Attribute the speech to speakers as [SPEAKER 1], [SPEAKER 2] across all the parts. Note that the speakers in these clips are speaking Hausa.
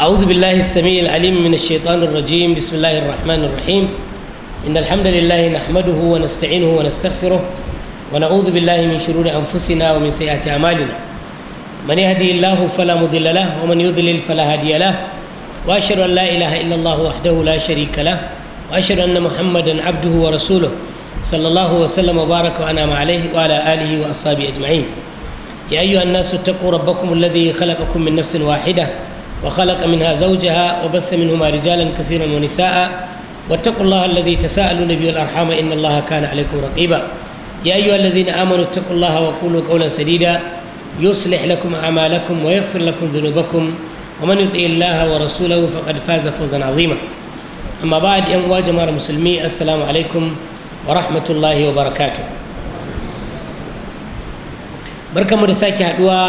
[SPEAKER 1] أعوذ بالله السميع العليم من الشيطان الرجيم بسم الله الرحمن الرحيم إن الحمد لله نحمده ونستعينه ونستغفره ونعوذ بالله من شرور أنفسنا ومن سيئات أعمالنا من يهدي الله فلا مضل له ومن يضلل فلا هادي له وأشهد أن لا إله إلا الله وحده لا شريك له وأشهد أن محمدا عبده ورسوله صلى الله وسلم وبارك وأنعم عليه وعلى آله وأصحابه أجمعين يا أيها الناس اتقوا ربكم الذي خلقكم من نفس واحدة وخلق منها زوجها وبث منهما رجالا كثيرا ونساء واتقوا الله الذي تساءلون به الأرحام إن الله كان عليكم رقيبا يا أيها الذين آمنوا اتقوا الله وقولوا قولا سديدا يصلح لكم أعمالكم ويغفر لكم ذنوبكم ومن يطع الله ورسوله فقد فاز فوزا عظيما أما بعد يا جماعة المسلمين السلام عليكم ورحمة الله وبركاته بركة مرساكي هدوى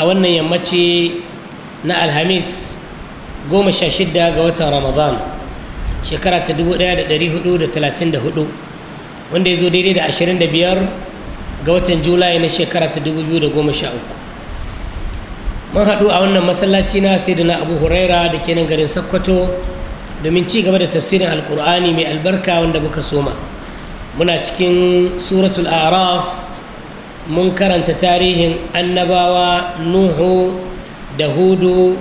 [SPEAKER 1] أولا يمتي na alhamis goma sha ga watan ramadan shekara ta 1434 wanda ya zo daidai da 25 ga watan julai na shekara ta 2013 mun haɗu a wannan masallaci na na abu huraira da ke nan garin sakkwato domin ci gaba da tafsirin alkur'ani mai albarka wanda muka soma muna cikin suratul araf mun karanta tarihin annabawa nuhu da hudu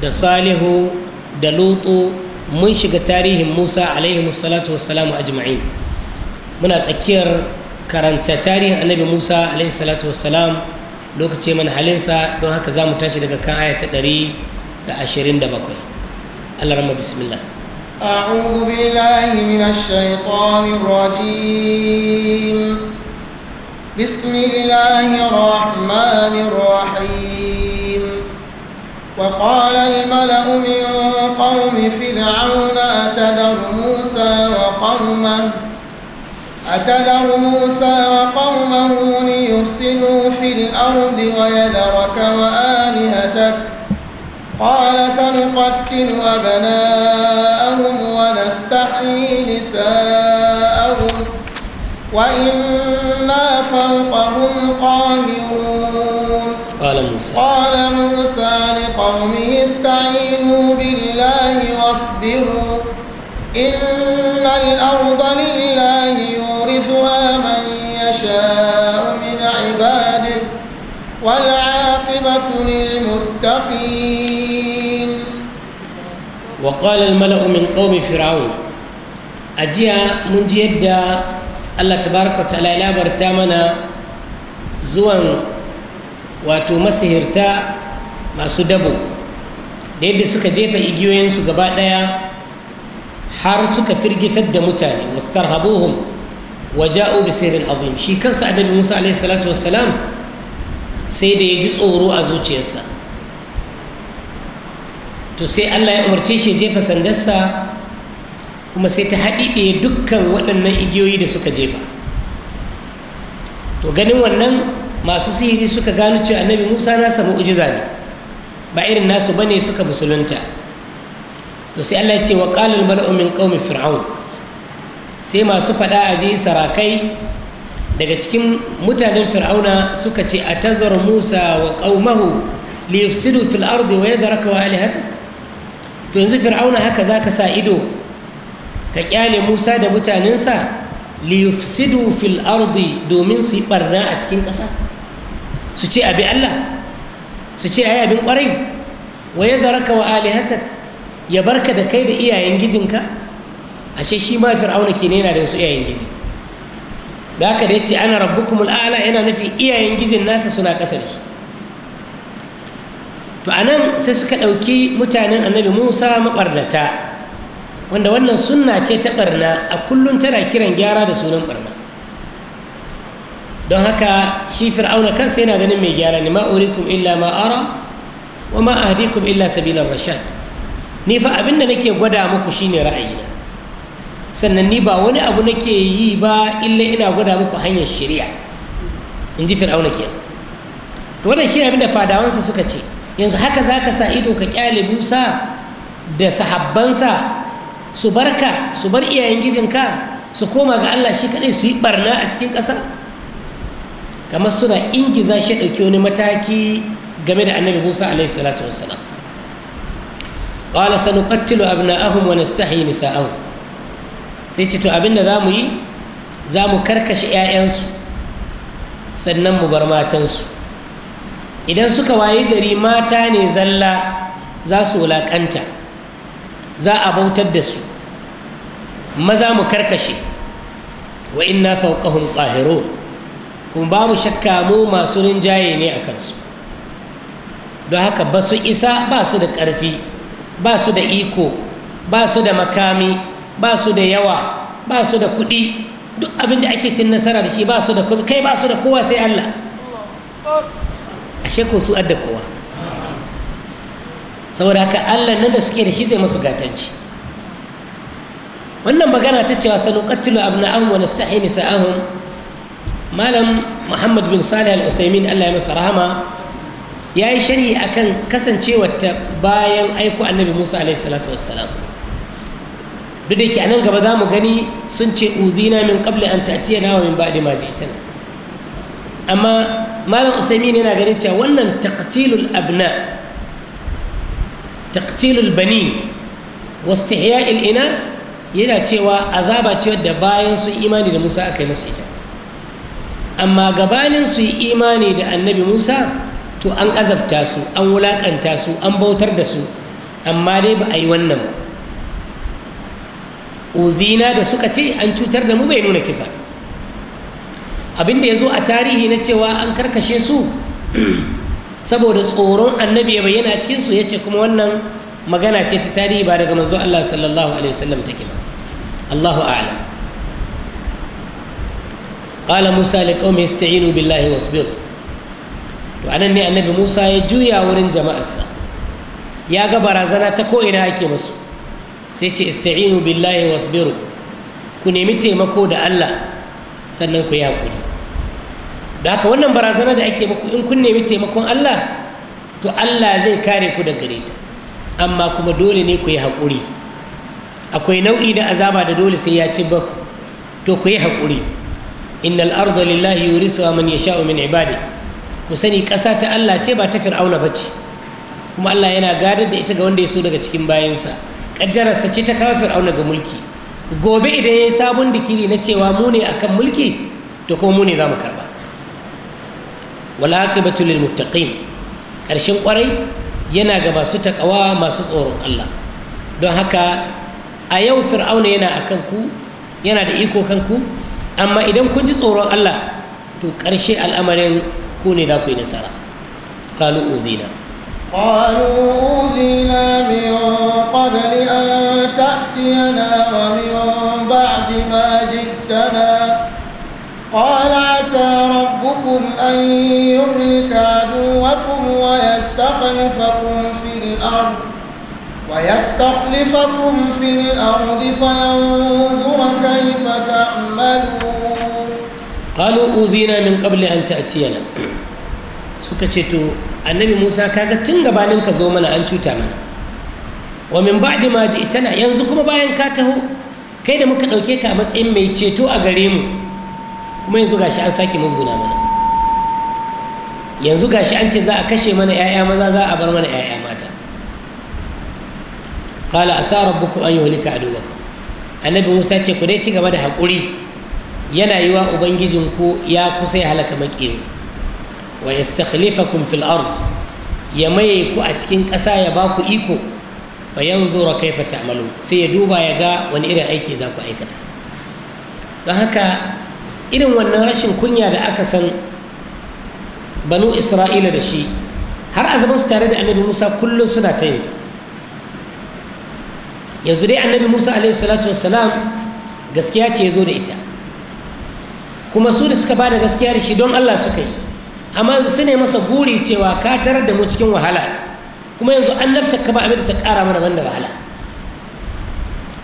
[SPEAKER 1] da salihu da lutu mun shiga tarihin musa alaihi salatu wassalamu ajma'in muna tsakiyar karanta tarihin annabi musa alaihi salatu wassalam lokaci mana halinsa don haka za mu tashi daga kan aya ɗari da ashirin da bakwai allah rama bismillah
[SPEAKER 2] أعوذ بالله من الشيطان الرجيم بسم الله الرحمن الرحيم وقال الملأ من قوم فرعون أتذر موسى وقومه أتذر موسى وقومه ليفسدوا في الأرض ويذرك وآلهتك قال سنقتل أبناءهم ونستحيي نساءهم وإنا فوقهم قاهرون قال موسى قال موسى قومه استعينوا بالله واصبروا إن الأرض لله يورثها من يشاء من عباده والعاقبة
[SPEAKER 1] للمتقين وقال الملأ من قوم فرعون أجيا من جيدا الله تبارك وتعالى لا برتامنا زوان واتو مسهرتا ما سدبو da yadda suka jefa igiyoyinsu gaba ɗaya har suka firgitar da mutane wastarhabuhum wa waje bi sirrin azim shi kansa annabi Musa alaihi salatu sai da ya ji tsoro a zuciyarsa to sai Allah ya umarce shi jefa sandarsa kuma sai ta haɗiɗe dukkan waɗannan igiyoyi da suka jefa to ganin wannan masu sihiri suka gano cewa annabi Musa na samu ujiza ne ba irin nasu bane suka musulunta to sai Allah ya ce wa qalal mala'u min qaumi fir'aun sai masu fada aji sarakai daga cikin mutanen fir'auna suka ce atazar Musa wa qaumahu liyufsidu fil ardi wa yadraka wa alihatak to yanzu fir'auna haka zaka sa ido ka kyale Musa da mutanensa liyufsidu fil ardi domin su yi barna a cikin ƙasa su ce abi Allah su ce ai abin kwarai wa ya zaraka wa alihatak ya barka da kai da iyayen gijinka ashe shi ma fir'auna ke yana da su iyayen giji da aka da yace ana rabbukumul a'la yana nufi iyayen gijin nasa suna ƙasa da shi to anan sai suka ɗauki mutanen annabi musa maɓarnata wanda wannan sunna ce ta ɓarna a kullum tana kiran gyara da sunan ɓarna don haka shi fir'auna kansa yana ganin mai gyara ne ma urikum illa ma wa ma illa sabilan rashad ni fa abin da nake gwada muku shine ra'ayina sannan ni ba wani abu nake yi ba illa ina gwada muku hanyar shari'a in ji fir'auna kenan to wannan shi abin da fadawansa suka ce yanzu haka za ka sa ido ka kyale musa da sahabbansa su barka su bar iyayen gijinka su koma ga allah shi kaɗai su yi barna a cikin ƙasa kamar suna ingiza shi ɗauki wani mataki game da annabi musa alaihi salatu wassalam qala sanuqattilu abna'ahum wa nastahyi nisa'ahum sai ce to abinda zamu yi zamu karkashe 'ya'yansu sannan mu bar matansu idan suka wayi gari mata ne zalla za su wulaƙanta za a bautar da su maza mu karkashe wa inna fawqahum qahirun kuma mu shakka mu masu rinjaye ne a kansu don haka ba su isa ba su da ƙarfi ba su da iko ba su da makami ba su da yawa ba su da kuɗi duk abin da ake cin nasara da shi ba su da kai ba su da kowa sai Allah ashe ko su adda kowa saboda haka Allah nan da suke da shi zai musu gatanci wannan magana ta cewa sanuqatilu abna'ahum wa nastahi nisa'ahum malam muhammad bin salih al-usaimin allah ya masa rahama ya yi sharhi akan kasancewar ta bayan aiko annabi musa alaihi salatu wassalam duk da ke a nan gaba za mu gani sun ce uzina min qabli an ta'tiyana wa min ba'di ma ji'tana amma malam usaimin yana ganin cewa wannan taqtilul abna taqtilul bani wastihya'il inas yana cewa azaba ce wadda bayan sun imani da musa aka yi musu ita amma gabanin su yi imani da annabi musa to an azabta su an wulaƙanta su an bautar da su amma dai ba a yi wannan ba uzina da suka ce an cutar da mu bai nuna kisa abinda ya zo a tarihi na cewa an karkashe su saboda tsoron annabi ya bayyana su ya ce kuma wannan magana ce ta tarihi ba daga manzo Allah sallallahu alaihi wasallam take ba Allahu a'lam qala musa liqaumi ista'inu billahi wasbir to anan ne annabi musa ya juya wurin jama'arsa ya ga barazana ta ko ina yake musu sai ce ista'inu billahi wasbiru ku nemi taimako da Allah sannan ku yi hakuri da haka wannan barazana da ake muku in kun nemi taimakon Allah to Allah zai kare ku da gare ta amma kuma dole ne ku yi hakuri akwai nau'i da azaba da dole sai ya ci baku to ku yi hakuri innal arda lillahi yurisuha man yasha'u min ibadi ku sani ƙasa ta Allah ce ba ta fir'auna ba ce kuma Allah yana gadar da ita ga wanda ya so daga cikin bayansa ƙaddararsa ce ta kawo fir'auna ga mulki gobe idan ya yi sabon dikiri na cewa mu ne akan mulki to kuma mu ne za mu karɓa wal aqibatu lil muttaqin ƙarshen ƙwarai yana ga masu taƙawa masu tsoron Allah don haka a yau fir'auna yana akan ku yana da iko kanku amma idan kun ji tsoron Allah to ƙarshe al'amarin ku ne za ku yi nasara kalu uzina
[SPEAKER 2] قالوا أوذينا من قبل أن تأتينا ومن بعد ما جئتنا قال عسى ربكم أن يهلك عدوكم ويستخلفكم في الأرض ويستخلفكم في الأرض فينظر كيف تعملون تعملون
[SPEAKER 1] قالوا أوذينا من قبل أن تأتينا سكتشتو النبي موسى كاغا تنغبانين كزومنا أن تتامنا ita na yanzu kuma bayan ka taho kai da muka ɗauke ka a matsayin mai ceto a gare mu kuma yanzu gashi an sake musguna mana yanzu gashi an ce za a kashe mana 'ya'ya maza za a bar mana 'ya'ya mata qala asa rabbukum an yuhlika aduwakum annabi Musa ce ku dai ci gaba da hakuri. yana yi wa ubangijinku ya kusa ya halaka maƙiyin wa yastakhlifakum fil ard ya maye ku a cikin ƙasa ya ba ku iko fa yanzura kaifa ta'malu sai ya duba ya ga wani irin aiki za ku aikata don haka irin wannan rashin kunya da aka san banu isra'ila da shi har a su tare da annabi musa kullum suna ta yinsa yanzu dai annabi musa alaihi salatu wassalam gaskiya ce ya zo da ita kuma su da suka bada gaskiya da shi don Allah suka yi amma yanzu su ne masa guri cewa ka tarar da mu cikin wahala kuma yanzu annabta ka ba abin da ta kara mana banda wahala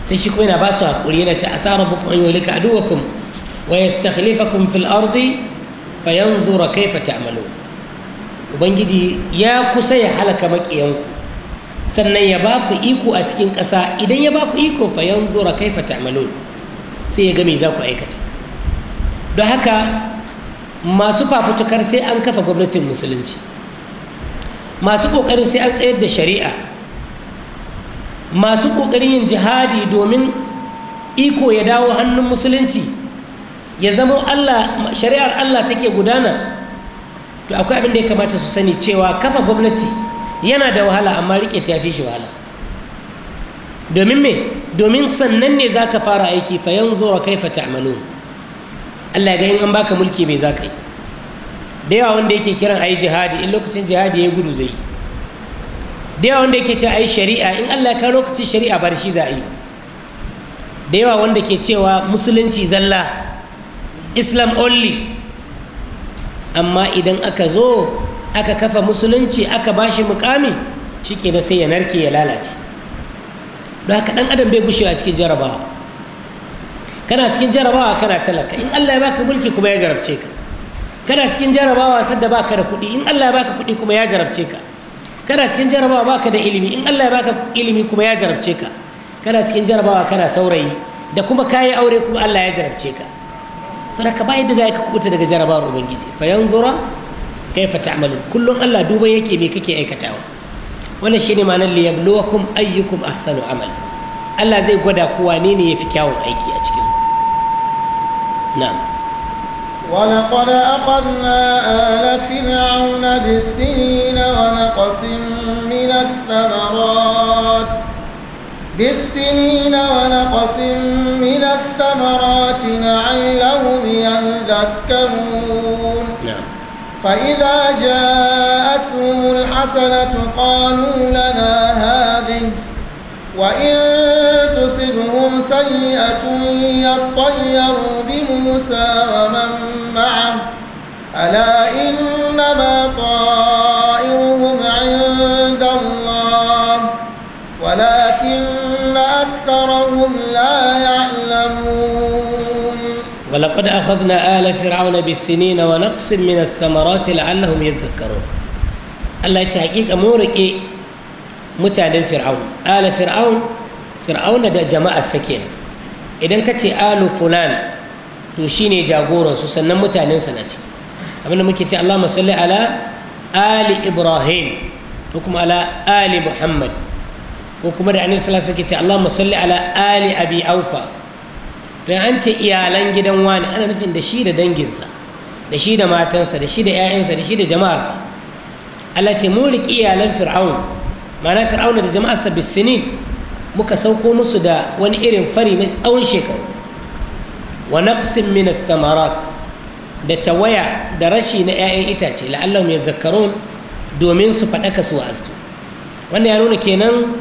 [SPEAKER 1] sai shi kuma yana ba su haƙuri yana ce asa rabbukum an yulika aduwakum wa yastakhlifakum fil ardi fayanzura kaifa ta'malun ubangiji ya kusa ya halaka maƙiyanku sannan ya ba ku iko a cikin ƙasa idan ya ba ku iko fayanzura kaifa ta'malun sai ya ga me za ku aikata don haka masu fafutukar sai an kafa gwamnatin musulunci masu ƙoƙarin sai an tsayar da shari'a masu ƙoƙarin yin jihadi domin iko ya dawo hannun musulunci ya zama shari'ar allah take gudana to akwai abin da ya kamata su sani cewa kafa gwamnati yana da wahala amma riƙe ta fi shi wahala domin me domin sannan ne za ka fara aiki fa yanzu wa kai ta'malun Allah ga yin an baka mulki mai za ka yi da yawa wanda yake kiran ayi jihadi in lokacin jihadi ya gudu zai da yawa wanda yake ce ayi shari'a in Allah ka lokacin shari'a bar shi za a yi da yawa wanda ke cewa musulunci zalla islam only amma idan aka zo aka kafa musulunci aka ba shi mukami shike na sai ya narke ya lalace don haka dan adam bai gushewa cikin jarabawa kana cikin jarabawa kana talaka in Allah ya baka mulki kuma ya jarabce ka kana cikin jarabawa sanda baka da kuɗi in Allah ya baka kuɗi kuma ya jarabce ka kana cikin jarabawa baka da ilimi in Allah ya baka ilimi kuma ya jarabce ka kana cikin jarabawa kana saurayi da kuma kayi aure kuma Allah ya jarabce ka sadaka ka ba yadda za ka kubuta daga jarabawar ubangiji fa yanzura kaifa ta'malun kullum Allah duban yake me kake aikatawa wannan shine ma'anar liyabluwakum ayyukum ahsanu amala Allah zai gwada ku wane ne yafi kyawun aiki a cikin نعم
[SPEAKER 2] ولقد أخذنا آل فرعون بالسنين ونقص من الثمرات بالسنين ونقص من الثمرات لعلهم يذكرون نعم. فإذا جاءتهم الحسنة قالوا لنا هذه وإن تصبهم سيئة يطيرون موسى ومن معه ألا إنما طائرهم عند الله
[SPEAKER 1] ولكن أكثرهم
[SPEAKER 2] لا يعلمون
[SPEAKER 1] ولقد أخذنا آل فرعون بالسنين ونقص من الثمرات لعلهم يذكرون الله تحقيق أمورك متعلم فرعون آل فرعون فرعون ده جماعة سكينة إذا كتي آل فلان to shi ne jagoransu sannan mutanensa na ciki abinda muke ce Allah masalli ala ali ibrahim ko kuma ala ali muhammad ko kuma da annabi sallallahu alaihi wasallam ke ce Allah masalli ala ali abi aufa don an ce iyalan gidan wani ana nufin da shi da danginsa da shi da matansa da shi da 'ya'yansa da shi da jama'arsa Allah ce mun riƙi iyalan fir'aun ma'ana fir'auna da jama'arsa bisinin muka sauko musu da wani irin fari na tsawon shekaru wa naqsin min ath-thamarat da tawaya da rashi na 'ya'yan itace la'allahum yadhakkarun domin su faɗaka su wa'astu wannan ya nuna kenan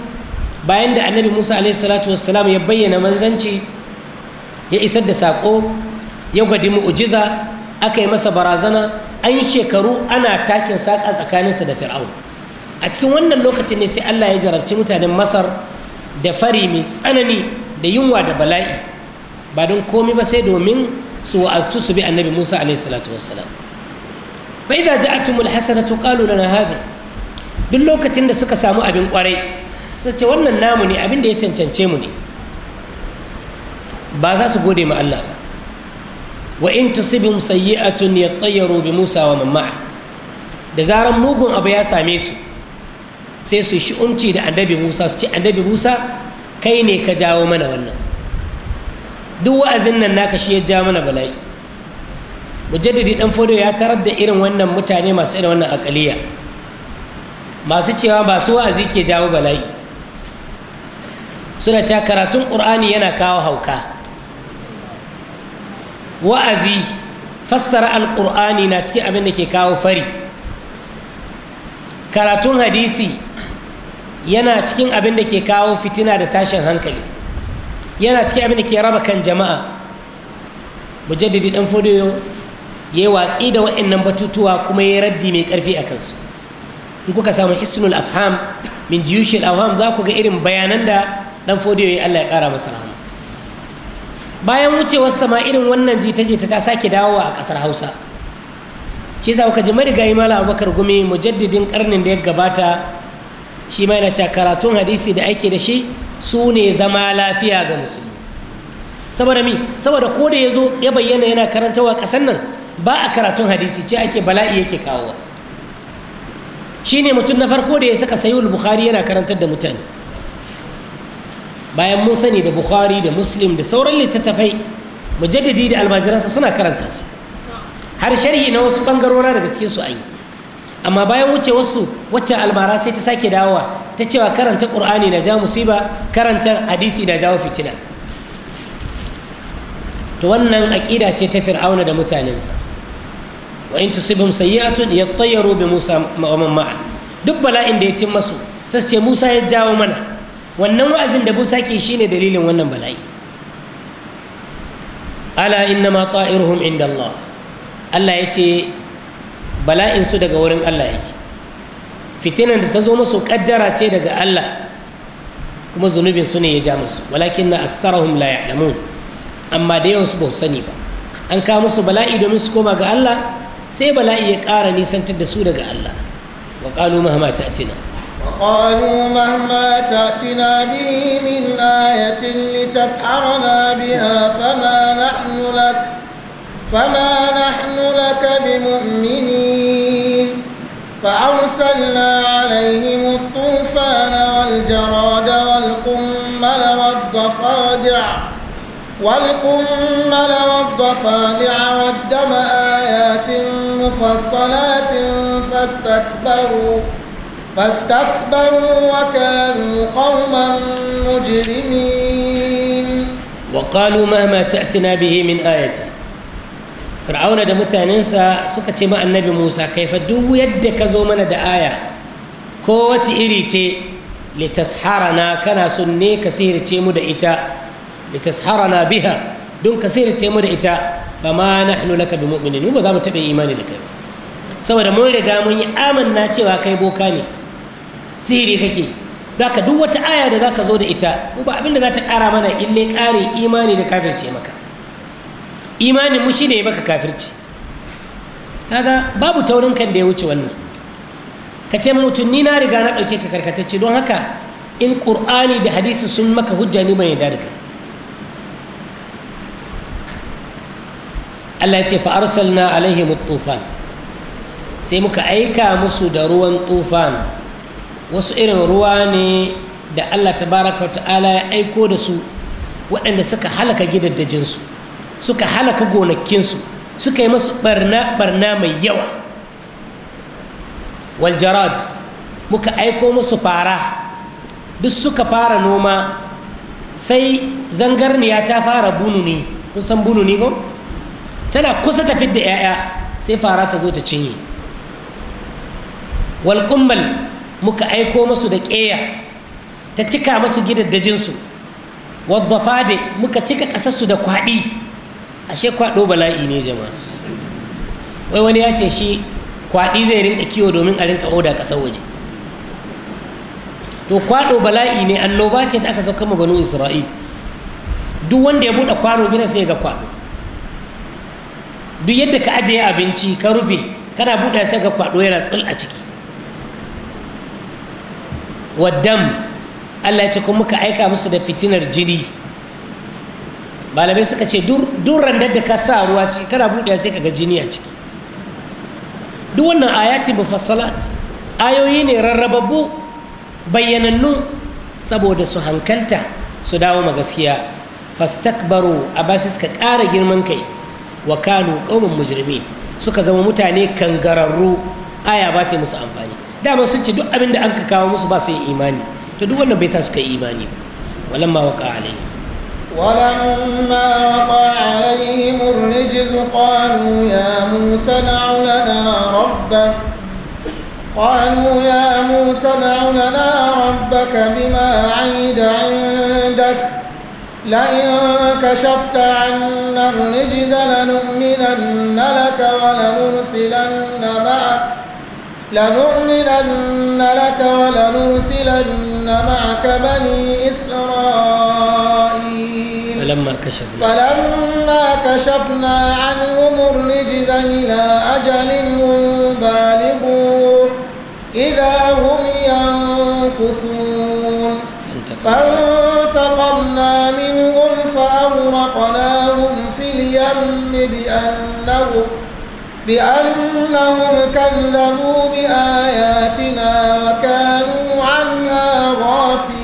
[SPEAKER 1] bayan da annabi Musa alaihi salatu wassalam ya bayyana manzanci ya isar da sako ya gwadi mu'jiza aka yi masa barazana an yi shekaru ana takin saƙa tsakaninsa da fir'aun a cikin wannan lokacin ne sai Allah ya jarabci mutanen Masar da fari mai tsanani da yunwa da bala'i ba don komi ba sai domin su wa'aztu su bi annabi musa alaihi salatu wassalam fa idza ja'atumul hasanatu qalu lana duk lokacin da suka samu abin kwarai su ce wannan namu ne abin da ya cancance mu ne ba za su gode ma Allah ba wa in tusibhum sayyi'atun yattayyaru bi musa wa man da zaran mugun abu ya same su sai su shi umci da annabi musa su ce annabi musa kai ne ka jawo mana wannan duk wa'azin nan naka shi ya ja mana bala'i mujaddidi dan fodo ya tarar da irin wannan mutane masu irin wannan akaliya masu cewa ba su wa'azi ke jawo bala'i suna cewa karatun ƙur'ani yana kawo hauka wa'azi fassara alƙur'ani na cikin abin da ke kawo fari karatun hadisi yana cikin abin da ke kawo fitina da tashin hankali yana cikin abin da ke raba kan jama'a mujaddidi dan fodiyo ya yi watsi da waɗannan batutuwa kuma ya yi raddi mai ƙarfi a kansu in kuka samu isnul afham min jiyushin afham za ku ga irin bayanan da dan fodiyo ya Allah ya ƙara masa rahama bayan wucewar sama irin wannan jita-jita ta sake dawowa a ƙasar hausa shi sa kuka ji marigayi mala abubakar gumi mujaddidin ƙarnin da ya gabata shi ma yana karatun hadisi da ake da shi su ne zama lafiya ga musulmi saboda mi saboda ko da ya zo ya bayyana yana karantawa ƙasar nan ba a karatun hadisi ce ake bala'i yake kawowa ne mutum na farko da ya saka sayul bukhari yana karantar da mutane bayan mun sani da bukhari da muslim da sauran littattafai mujaddadi da almajiransa suna karanta su har shari'i na wasu bangarora daga cikin su an amma bayan wucewarsu waccan almara sai ta sake dawowa ta cewa karanta ƙur'ani na ja musiba karanta hadisi na jawo fitina to wannan aƙida ce ta fir'auna da mutanensa wa in tusibhum sayyi'atun yattayyaru bi Musa wa man ma'a duk bala'in da ya cin masu sai ce Musa ya jawo mana wannan wa'azin da Musa ke shine dalilin wannan bala'i ala inna ma ta'iruhum inda Allah Allah ya ce bala'in su daga wurin Allah yake fitinan da ta zo musu kaddara ce daga Allah kuma zunubin ne ya ja musu walakin na aksarahum la ya'lamun amma da yawan su ba sani ba an kawo musu bala'i domin su koma ga Allah sai bala'i ya ƙara nisantar da su daga Allah wa qalu mahma ta'tina
[SPEAKER 2] وقالوا مهما تأتنا به من آية لتسحرنا بها فما نحن لك فما نحن لك فأرسلنا عليهم الطوفان والجراد والقمل والضفادع والقمل والضفادع والدم آيات مفصلات فاستكبروا فاستكبروا وكانوا قوما مجرمين
[SPEAKER 1] وقالوا مهما تأتنا به من آية fir'auna da mutanensa suka ce ma annabi musa kaifa duk yadda ka zo mana da aya ko wata iri ce litasharana kana son ne ka sihirce mu da ita litasharana biha don ka sihirce mu da ita Fa ma nahnu laka bi mu'minin mu ba za mu taɓa imani da kai saboda mun riga mun yi amanna cewa kai boka ne sihiri kake ka duk wata aya da zaka zo da ita mu ba abin da za ta ƙara mana ille ƙari imani da kafirce maka imanin mu shine maka kafirci kaga babu taurin kan da ya wuce wannan ka ce mutum ni na riga na ɗauke ka karkatacce don haka in ƙur'ani da hadisi sun maka hujja ne mai yarda da Allah ya ce fa arsalna alaihi mutufan sai muka aika musu da ruwan tufan wasu irin ruwa ne da Allah tabaraka wa ta'ala ya aiko da su waɗanda suka halaka gidaddajinsu su suka halaka gonakinsu suka yi masu barna mai yawa waljarad muka aiko musu fara duk suka fara noma sai zangarniya ta fara bununi kun san bununi ko tana kusa ta fidda 'ya'ya sai fara ta zo ta cinye walƙummal muka aiko musu da ƙeya ta cika masu gidaddajinsu wadda fade muka cika ƙasarsu da kwaɗi ashe kwaɗo bala'i ne jama'a wai wani ya ce shi kwaɗi zai rinka kiwo domin a rinka oda ƙasar waje to kwaɗo bala'i ne annoba ce ta aka sauka ma banu isra'il duk wanda ya buɗe kwano gina sai ga kwaɗo duk yadda ka ajiye abinci ka rufe kana buɗe sai ga kwaɗo yana tsul a ciki waddam allah ya ce kuma muka aika musu da fitinar jini malamai suka ce duk randar da ka sa ruwa ciki kana buɗe sai ka ga jini a ciki duk wannan ayati mufassalat ayoyi ne rarrababbu bayyanannu saboda su hankalta su dawo ma gaskiya fastakbaru a sai suka ƙara girman kai wa kanu qaumun mujrimi suka zama mutane kan kangararru aya ba ta musu amfani dama sun ce duk abin da an ka kawo musu ba su yi imani to duk wannan bai ta suka yi imani ba walamma waqa alaihi
[SPEAKER 2] ولما وقع عليهم الرجز قالوا يا موسى ادع نعم لنا ربك قالوا يا موسى ادع نعم لنا ربك بما عيد عندك لئن كشفت عنا الرجز لنؤمنن لك ولنرسلن معك لنؤمنن لك ولنرسلن معك بني إسرائيل فلما كشفنا فلما كشفنا عنهم الرجز إلى أجل هم إذا هم ينكثون فانتقمنا منهم فأغرقناهم في اليم بأنهم بأنهم كذبوا بآياتنا وكانوا عنها غافلين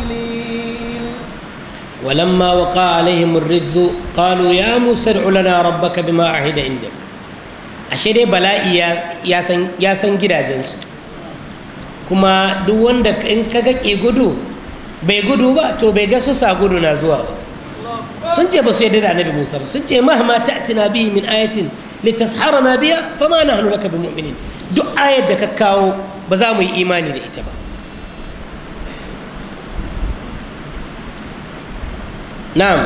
[SPEAKER 1] ولما وقع عليهم الرجز قالوا يا موسى ادع لنا ربك بما عهد عندك ashe dai bala'i ya san gidajensu kuma duk wanda in ka ga ke gudu bai gudu ba to bai ga susa gudu na zuwa ba sun ce ba su yadda da annabi musa ba sun ce mahama ta'tina bihi min ayatin litasharana biya fama nahnu laka bimu'minin duk ayar da ka kawo ba za mu yi imani da ita ba na'am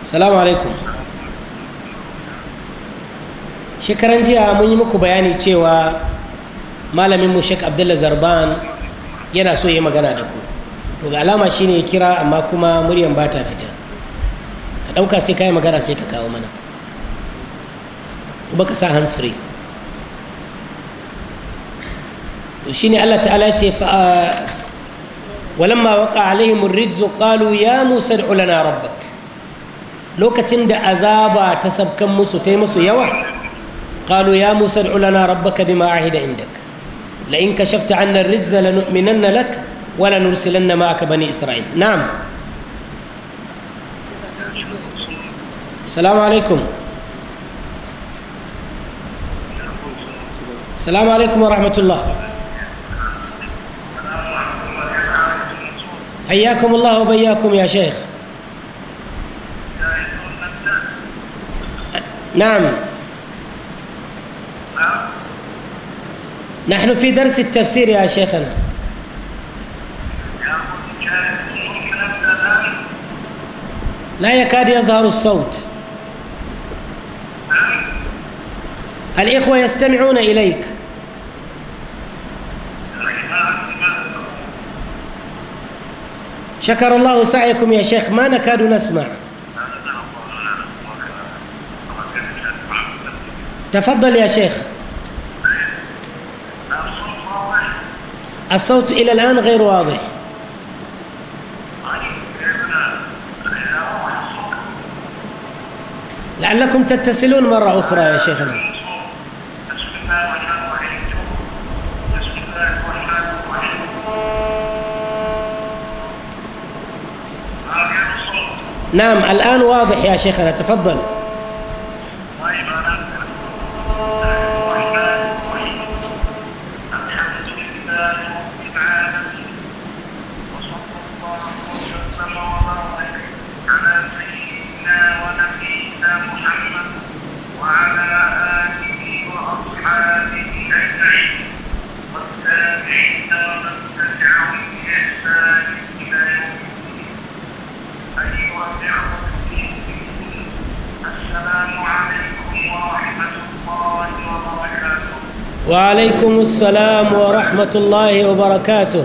[SPEAKER 1] salamu alaikum shekaran jiya mun yi muku bayani cewa malaminmu sheikh abdullah zarban yana so ya yi magana da ku to ga alama shine ya kira amma kuma muryan ba ta fita ka ɗauka sai ka yi magana sai ka kawo mana ba ka sa hands free شيني الله تعالى آه، ولما وقع عليهم الرجز قالوا يا موسى ادع لنا ربك لو كتند عذاب تسب كم موسى تيمس يوا قالوا يا موسى ادع لنا ربك بما عهد عندك لئن كشفت عنا الرجز لنؤمنن لك ولنرسلن معك بني اسرائيل نعم السلام عليكم السلام عليكم ورحمه الله حياكم الله وبياكم يا شيخ نعم نحن في درس التفسير يا شيخنا لا يكاد يظهر الصوت الإخوة يستمعون إليك شكر الله سعيكم يا شيخ ما نكاد نسمع تفضل يا شيخ الصوت إلى الآن غير واضح لعلكم تتصلون مرة أخرى يا شيخنا نعم الآن واضح يا شيخنا تفضل وعليكم السلام ورحمه الله وبركاته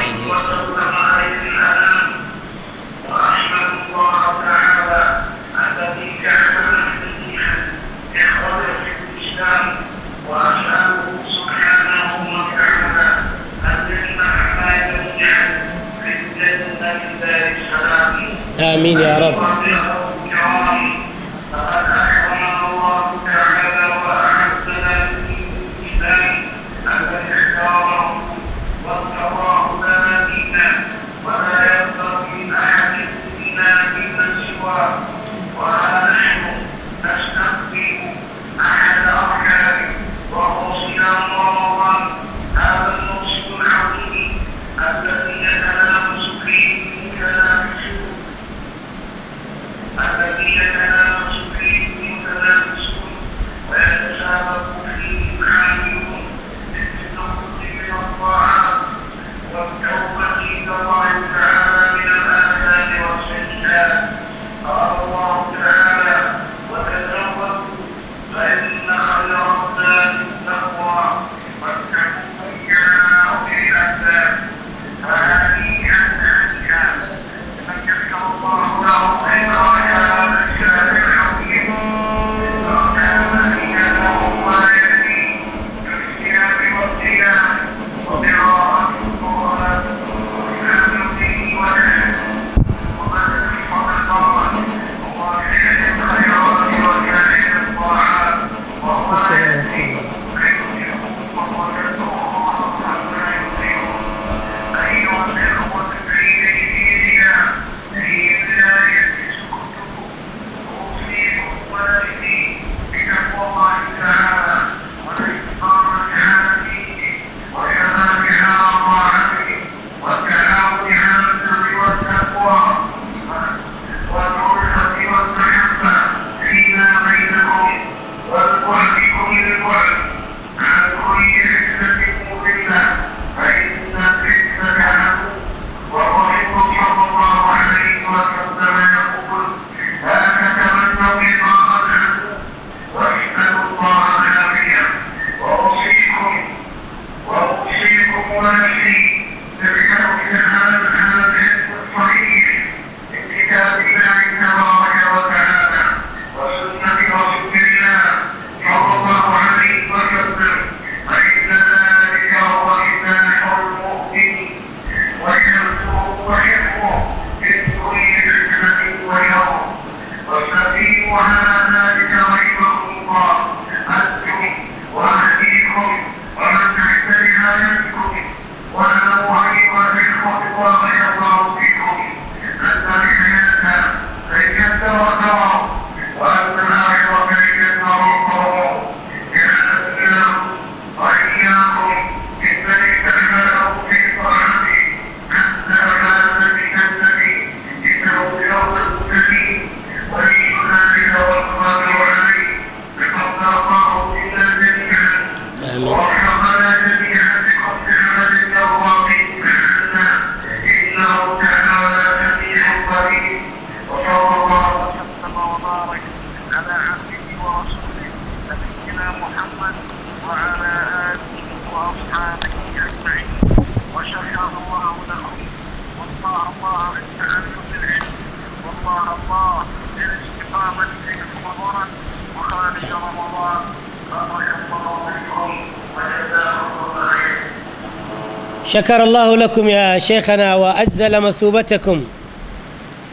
[SPEAKER 1] شكر الله لكم يا شيخنا وأجزل مثوبتكم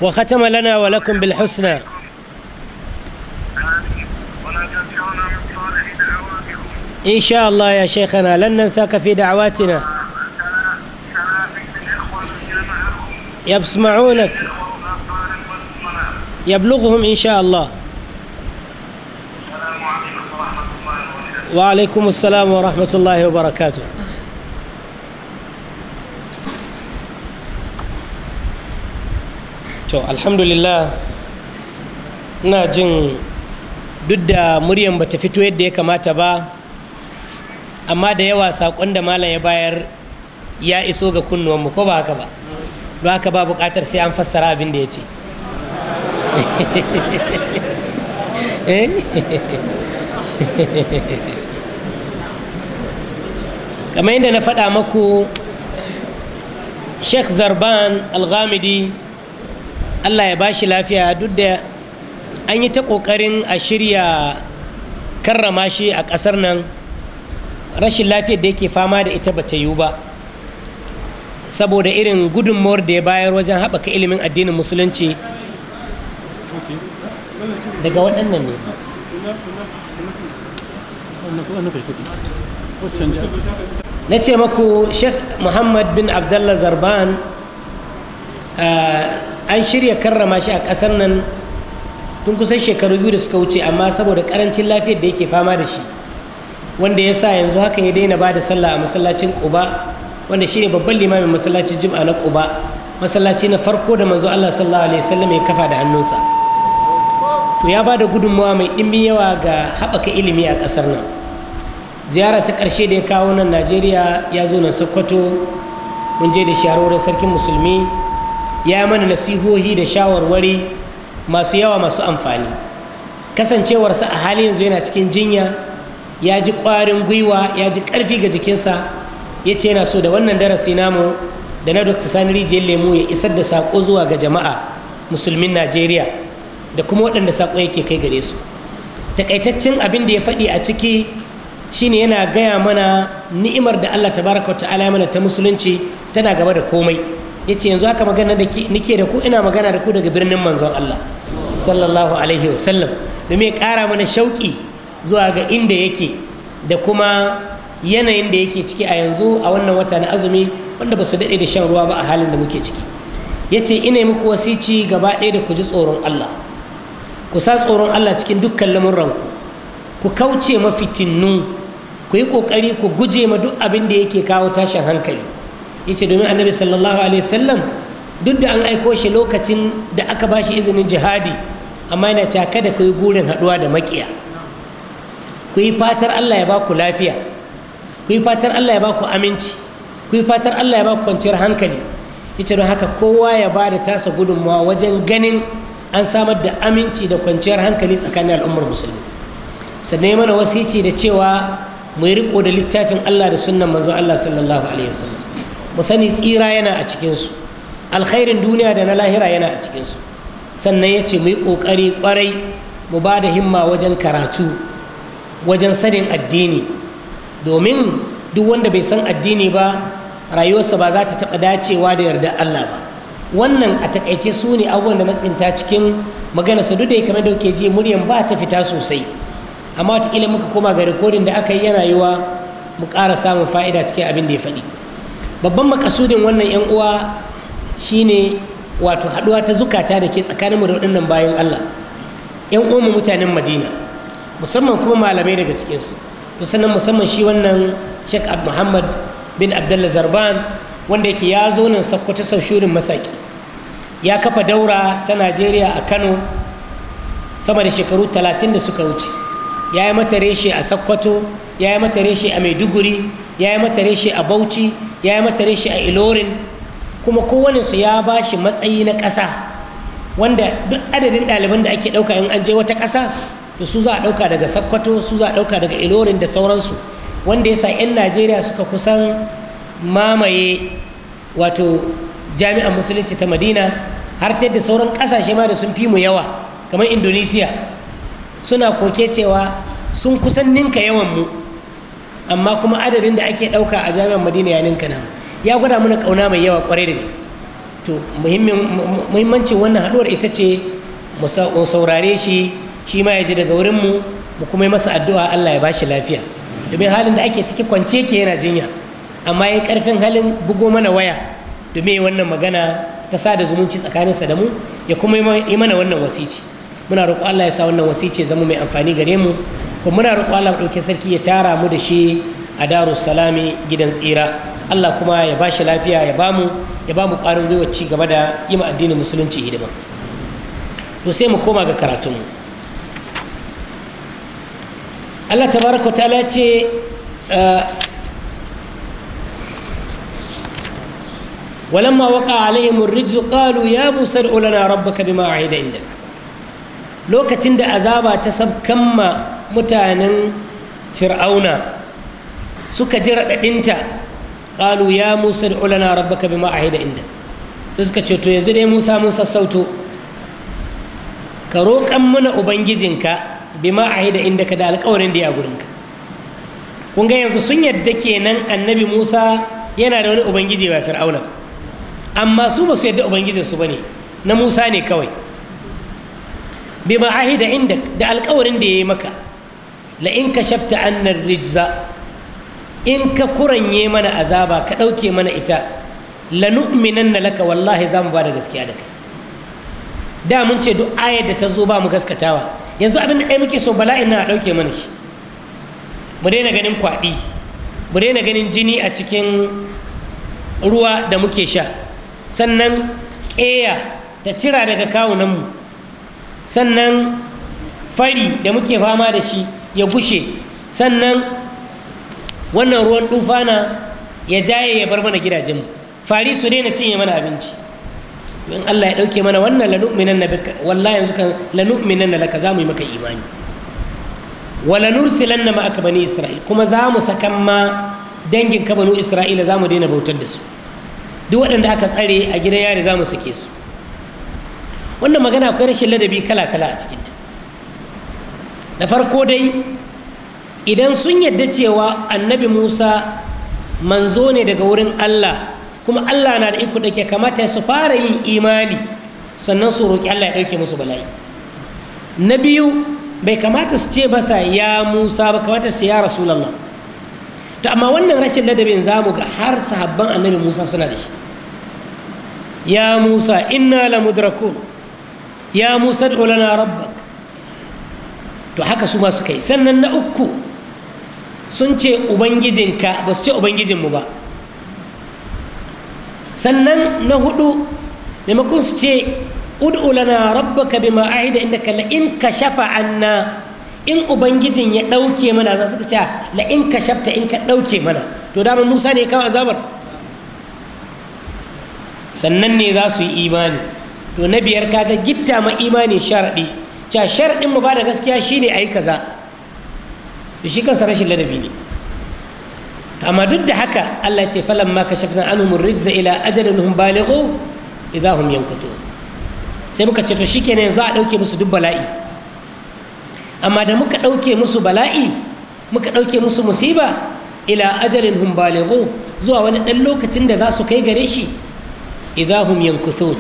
[SPEAKER 1] وختم لنا ولكم بالحسنى إن شاء الله يا شيخنا لن ننساك في دعواتنا يسمعونك يبلغهم إن شاء الله وعليكم السلام ورحمة الله وبركاته to alhamdulillah ina jin duk da muryan bata fito yadda ya kamata ba amma da yawa saƙon da malam ya bayar ya iso ga kunnuwanmu ko ba haka ba ba haka ba buƙatar sai an fassara abin da ya ce eh? kamar yadda na faɗa maku sheikh zarban alghamidi allah ya bashi lafiya duk da an yi ta ƙoƙarin a shirya karrama shi a ƙasar nan rashin lafiyar da yake fama da ita bata yiwu ba saboda irin gudunmawar da ya bayar wajen haɓaka ilimin addinin musulunci daga waɗannan ne na ce maku sheikh muhammad bin abdullah zarban ah, an shirya karrama shi a ƙasar nan tun kusan shekaru biyu da suka wuce amma saboda ƙarancin lafiyar da yake fama da shi wanda ya sa yanzu haka ya daina ba da sallah a masallacin ƙuba wanda shi ne babban limamin masallacin jim'a na ƙuba masallaci na farko da manzo allah sallallahu alaihi wasallam ya kafa da hannunsa to ya ba da gudunmawa mai ɗimbin yawa ga haɓaka ilimi a ƙasar nan ziyara ta ƙarshe da ya kawo nan najeriya ya zo nan sokoto mun je da shahararren sarkin musulmi ya mana nasihohi da shawarwari masu yawa masu amfani kasancewarsa a halin yanzu yana cikin jinya ya ji ƙwarin gwiwa ya ji ƙarfi ga jikinsa ya ce yana so da wannan darasi namu da na dr sani rijiyar lemu ya isar da saƙo zuwa ga jama'a musulmin najeriya da kuma waɗanda saƙo yake kai gare su takaitaccen abin da ya faɗi a ciki shine yana gaya mana ni'imar da allah tabaraka ta'ala mana ta musulunci tana gaba da komai ya ce yanzu haka magana da nike da ku ina magana da ku daga birnin manzon Allah sallallahu alaihi wasallam domin ya ƙara mana shauƙi zuwa ga inda yake da kuma yanayin da yake ciki a yanzu a wannan wata na azumi wanda ba su daɗe da shan ruwa ba a halin da muke ciki ya ce ina muku wasici gaba ɗaya da ku ji tsoron Allah ku sa tsoron Allah cikin dukkan lamuranku ku kauce mafitinnu ku yi ƙoƙari ku guje ma duk abin da yake kawo tashin hankali yace domin annabi sallallahu alaihi wasallam duk da an aiko shi lokacin da aka ba shi izinin jihadi amma yana cewa kada ku gurin haduwa da makiya ku yi fatar Allah ya ba ku lafiya ku yi fatar Allah ya ba ku aminci ku yi fatar Allah ya ba ku kwanciyar hankali yace don haka kowa ya ba da tasa gudunmawa wajen ganin an samar da aminci da kwanciyar hankali tsakanin al'ummar musulmi sannan mana wasici da cewa mu yi riko da littafin Allah da sunnan manzo Allah sallallahu alaihi wasallam mu sani tsira yana a cikinsu alkhairin duniya da na lahira yana a cikinsu sannan ya ce mu yi ƙoƙari ƙwarai mu ba da himma wajen karatu wajen sanin addini domin duk wanda bai san addini ba rayuwarsa ba za ta taɓa dacewa da yarda Allah ba wannan a takaice su ne abubuwan da na tsinta cikin magana su duk da kamar da ke ji muryan ba ta fita sosai amma wataƙila muka koma ga rikodin da aka yi yana yiwa mu ƙara samun fa'ida cikin abin da ya faɗi babban makasudin wannan 'yan uwa shine wato haɗuwa ta zukata da ke tsakaninmu da waɗannan bayan allah 'yan mu mutanen madina musamman kuma malamai daga cikinsu to sannan musamman shi wannan sheikh muhammad bin abdullah zarban wanda yake ya zo nan sakkwata sau shirin masaki ya kafa daura ta najeriya a kano sama da shekaru 30 da suka wuce ya yi mata reshe a sakkwato ya yi mata reshe a maiduguri ya yi mata reshe a bauchi ya yi mata reshe a ilorin kuma kowaninsu ya ba shi matsayi na ƙasa wanda duk adadin ɗaliban da ake ɗauka in an je wata ƙasa to su za a ɗauka daga sakkwato su za a ɗauka daga ilorin da sauransu wanda ya sa 'yan najeriya suka kusan mamaye wato jami'an musulunci ta madina har ta yadda sauran ƙasashe ma da sun fi mu yawa kamar indonesiya suna koke cewa sun kusan ninka yawan mu amma kuma adadin da ake ɗauka a jami'an madina ya ninka nan ya gwada mana kauna mai yawa kwarai da gaske to muhimmancin wannan haɗuwar ita ce mu saurare shi shi ma ya ji daga wurinmu mu kuma yi masa addu'a allah ya bashi lafiya domin halin da ake ciki kwance ke yana jinya amma ya karfin halin bugo mana waya domin wannan magana ta sada zumunci tsakaninsa da mu ya kuma yi mana wannan wasici muna roƙo Allah ya sa wannan ya zama mai amfani gare mu ko muna roƙo Allah ɗauke sarki ya tara mu da shi a darus salami gidan tsira Allah kuma ya ba shi lafiya ya ba mu ya ba mu ƙwarin gwiwa ci gaba da yi ma addinin musulunci hidima to sai mu koma ga karatunmu Allah tabaraka ta'ala ce ولما وقع عليهم الرجز قالوا يا موسى ادع لنا ربك بما عهد عندك لوكتين da عذابا ta sabkan mutanen fir'auna suka ji raɗaɗinta ƙalu ya musa da ulana rabbaka bi ma'ahida inda sai suka ce to yanzu dai musa mun sassauto ka roƙan mana ubangijinka bi ma'ahida inda ka da alƙawarin da ya gurinka kun ga yanzu sun yadda kenan annabi musa yana da wani ubangiji ba fir'auna amma su ba su yadda ubangijinsu ba ne na musa ne kawai bi ma'ahida inda da alƙawarin da ya yi maka la'in ka shafta annar rijza in ka kuranye mana azaba ka ɗauke mana ita lanu'minan na laka wallahi za mu bada gaskiya da kai da mun ce duk ayar da ta zo ba mu gaskatawa yanzu abin da ɗaya muke so bala'in na ɗauke mana shi mu daina ganin kwaɗi mu daina ganin jini a cikin ruwa da muke sha sannan ƙeya ta cira daga kawunanmu sannan fari da muke fama da shi ya gushe sannan wannan ruwan dufana ya jaye ya bar mana gidajenmu fari su daina cinye mana abinci in Allah ya ɗauke mana wannan lanu'minan bika wallahi yanzu kan lanu'minan laka za mu yi maka imani wala nursilan na ma'aka bani isra'il kuma za mu sakan ma dangin ka isra'ila za mu daina bautar da su duk waɗanda aka tsare a gidan yari za mu sake su wannan magana akwai rashin ladabi kala kala a cikinta da farko dai idan sun yadda cewa annabi musa manzo ne daga wurin allah kuma allah na da iko da ke kamata su fara yin imani sannan su roƙi allah ya ɗauke musu bala'i na biyu bai kamata su ce basa ya musa ba kamata su ce ya rasulallah to amma wannan rashin ladabin za mu ga har sahabban annabi musa suna da shi ya musa inna la mudrakun ya musa lana rabba to haka su ma suka yi sannan na uku sun ce ubangijinka ba su ce ubangijinmu ba sannan na hudu maimakon su ce ud'u rabbaka bima ahida innaka la in kashafa anna in ubangijin ya dauke mana za suka ce ah, la in shafta in ka dauke mana to dama Musa ne kawo azabar sannan ne za su yi imani to na biyar kaga gitta ma imani sharadi cewa sharɗin mu ba da gaskiya shine ayi kaza shi kansa rashin ladabi ne amma duk da haka Allah ce falan ma kashafna anhum rijza ila ajalin hum balighu idza hum yankusun sai muka ce to shi shikenan yanzu a ɗauke musu duk bala'i amma da muka ɗauke musu bala'i muka ɗauke musu musiba ila ajalin hun balighu zuwa wani ɗan lokacin da za su kai gare shi idza hum yankusun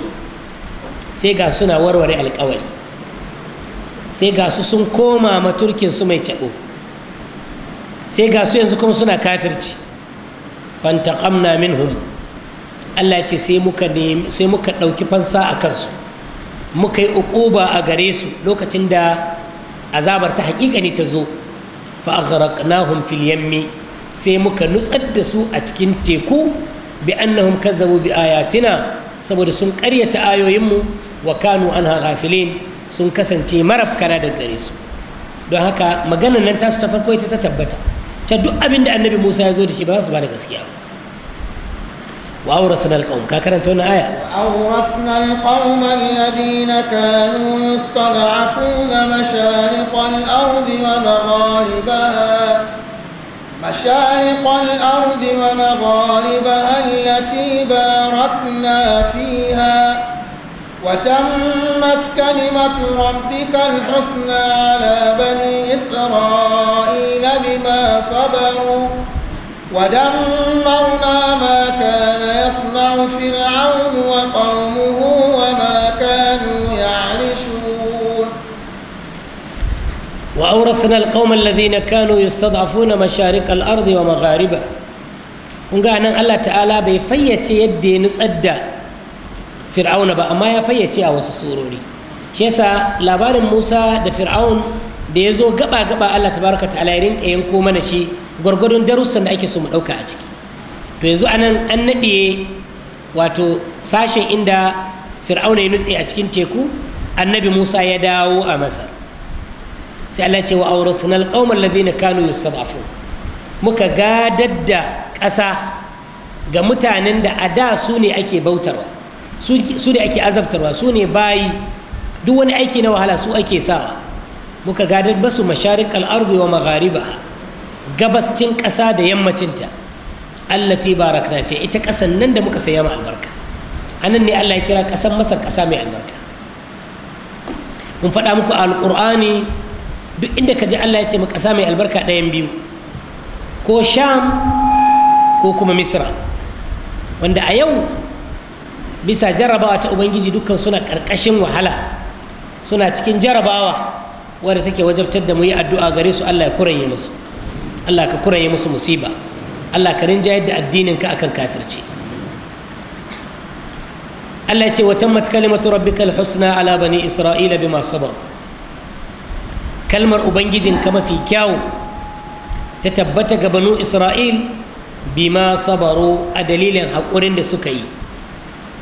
[SPEAKER 1] sai ga suna warware alƙawari sai ga su sun koma maturkin su mai cabo sai ga su yanzu kuma suna kafirci fantaqamna minhum Allah ce sai muka sai muka ɗauki fansa a kansu muka yi uquba a gare su lokacin da azabar ta haƙiƙa ne ta zo fa aghraqnahum fil yammi sai muka nutsar da su a cikin teku bi annahum kazzabu bi ayatina saboda sun ƙaryata ayoyinmu wa kanu anha ghafilin sun kasance marafkana da gare su don haka maganar nan tasu ta farko ita ta tabbata ta duk abin da annabi musa ya zo da shi ba za su ba da gaskiya ba وأورثنا القوم كاكرنت هنا آية
[SPEAKER 2] وأورثنا القوم الذين كانوا يستضعفون مشارق الأرض ومغاربها مشارق الأرض ومغاربها التي باركنا فيها وتمت كلمة ربك الحسنى على بني إسرائيل بما صبروا ودمرنا ما كان يصنع فرعون وقومه وما كانوا يعرشون
[SPEAKER 1] وأورثنا القوم الذين كانوا يستضعفون مشارق الأرض ومغاربها ونقعنا الله تعالى بفية يدي نسأدى fir'auna ba amma ya fayyace a wasu surori shi yasa labarin musa da fir'aun da ya zo gaba gaba allah tabaraka ta ya rinka yanko mana shi gwargwadon darussan da ake so mu ɗauka a ciki to yanzu anan an naɗe wato sashen inda fir'auna ya nutse a cikin teku annabi musa ya dawo a masar sai allah ce wa aurasuna alƙawmar ladina kanu yusabafun muka gadar da ƙasa ga mutanen da a da su ne ake bautarwa su ne ake azabtarwa su ne bayi duk wani aiki na wahala su ake sawa muka gadar basu masharik al'ardu wa maghariba gabascin ƙasa da yammacinta allati barakna fi ita ƙasan nan da muka saya ma albarka anan ne Allah ya kira ƙasar masar ƙasa mai albarka mun faɗa muku alƙur'ani duk inda ka ji Allah ya ce maka ƙasa mai albarka ɗayan biyu ko sham ko kuma misra wanda a yau bisa jarabawa ta ubangiji dukkan suna ƙarƙashin wahala suna cikin jarabawa wadda take wajabtar da mu yi addu'a gare su Allah ya kuranye musu Allah ka kuranye musu musiba Allah ka rinjayar da addinin ka akan kafirce. Allah ya ce wa tammat kalimatu rabbikal husna ala bani isra'ila bima sabar kalmar ubangijin ka mafi kyawu ta tabbata ga banu isra'il bima sabaru a dalilin haƙurin da suka yi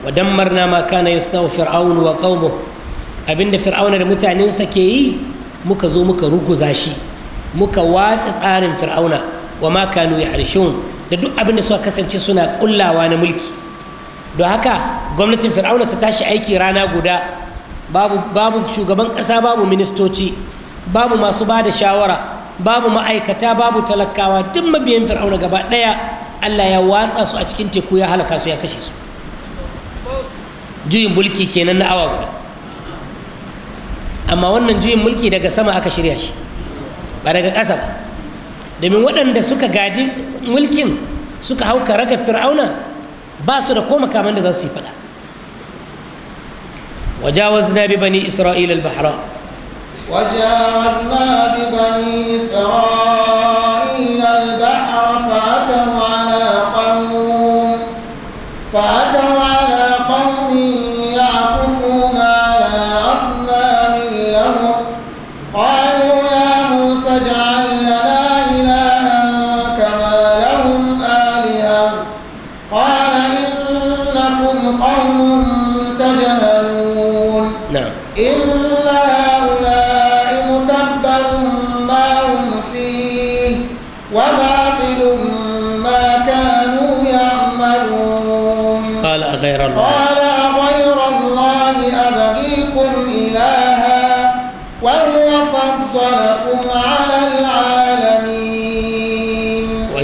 [SPEAKER 1] wa dammarna ma kana wa fir'aunu wa qaumuh abinda fir'auna da mutanensa ke yi muka zo muka ruguza shi muka watsa tsarin fir'auna wa ma kanu ya'rishun da duk abinda suka kasance suna kullawa na mulki don haka gwamnatin fir'auna ta tashi aiki rana guda babu shugaban kasa babu ministoci babu masu ba da shawara babu ma'aikata babu talakawa tun mabiyan fir'auna gaba ɗaya Allah ya watsa su a cikin teku ya halaka su ya kashe su juyin mulki kenan na awa guda amma wannan juyin mulki daga sama aka shirya shi ba daga ƙasa ba domin waɗanda suka gadi mulkin suka hau raka fir'auna ba su da koma kaman da za su yi faɗa na bi bani isra'ila al-bahra
[SPEAKER 2] وجاوزنا ببني إسرائيل البحر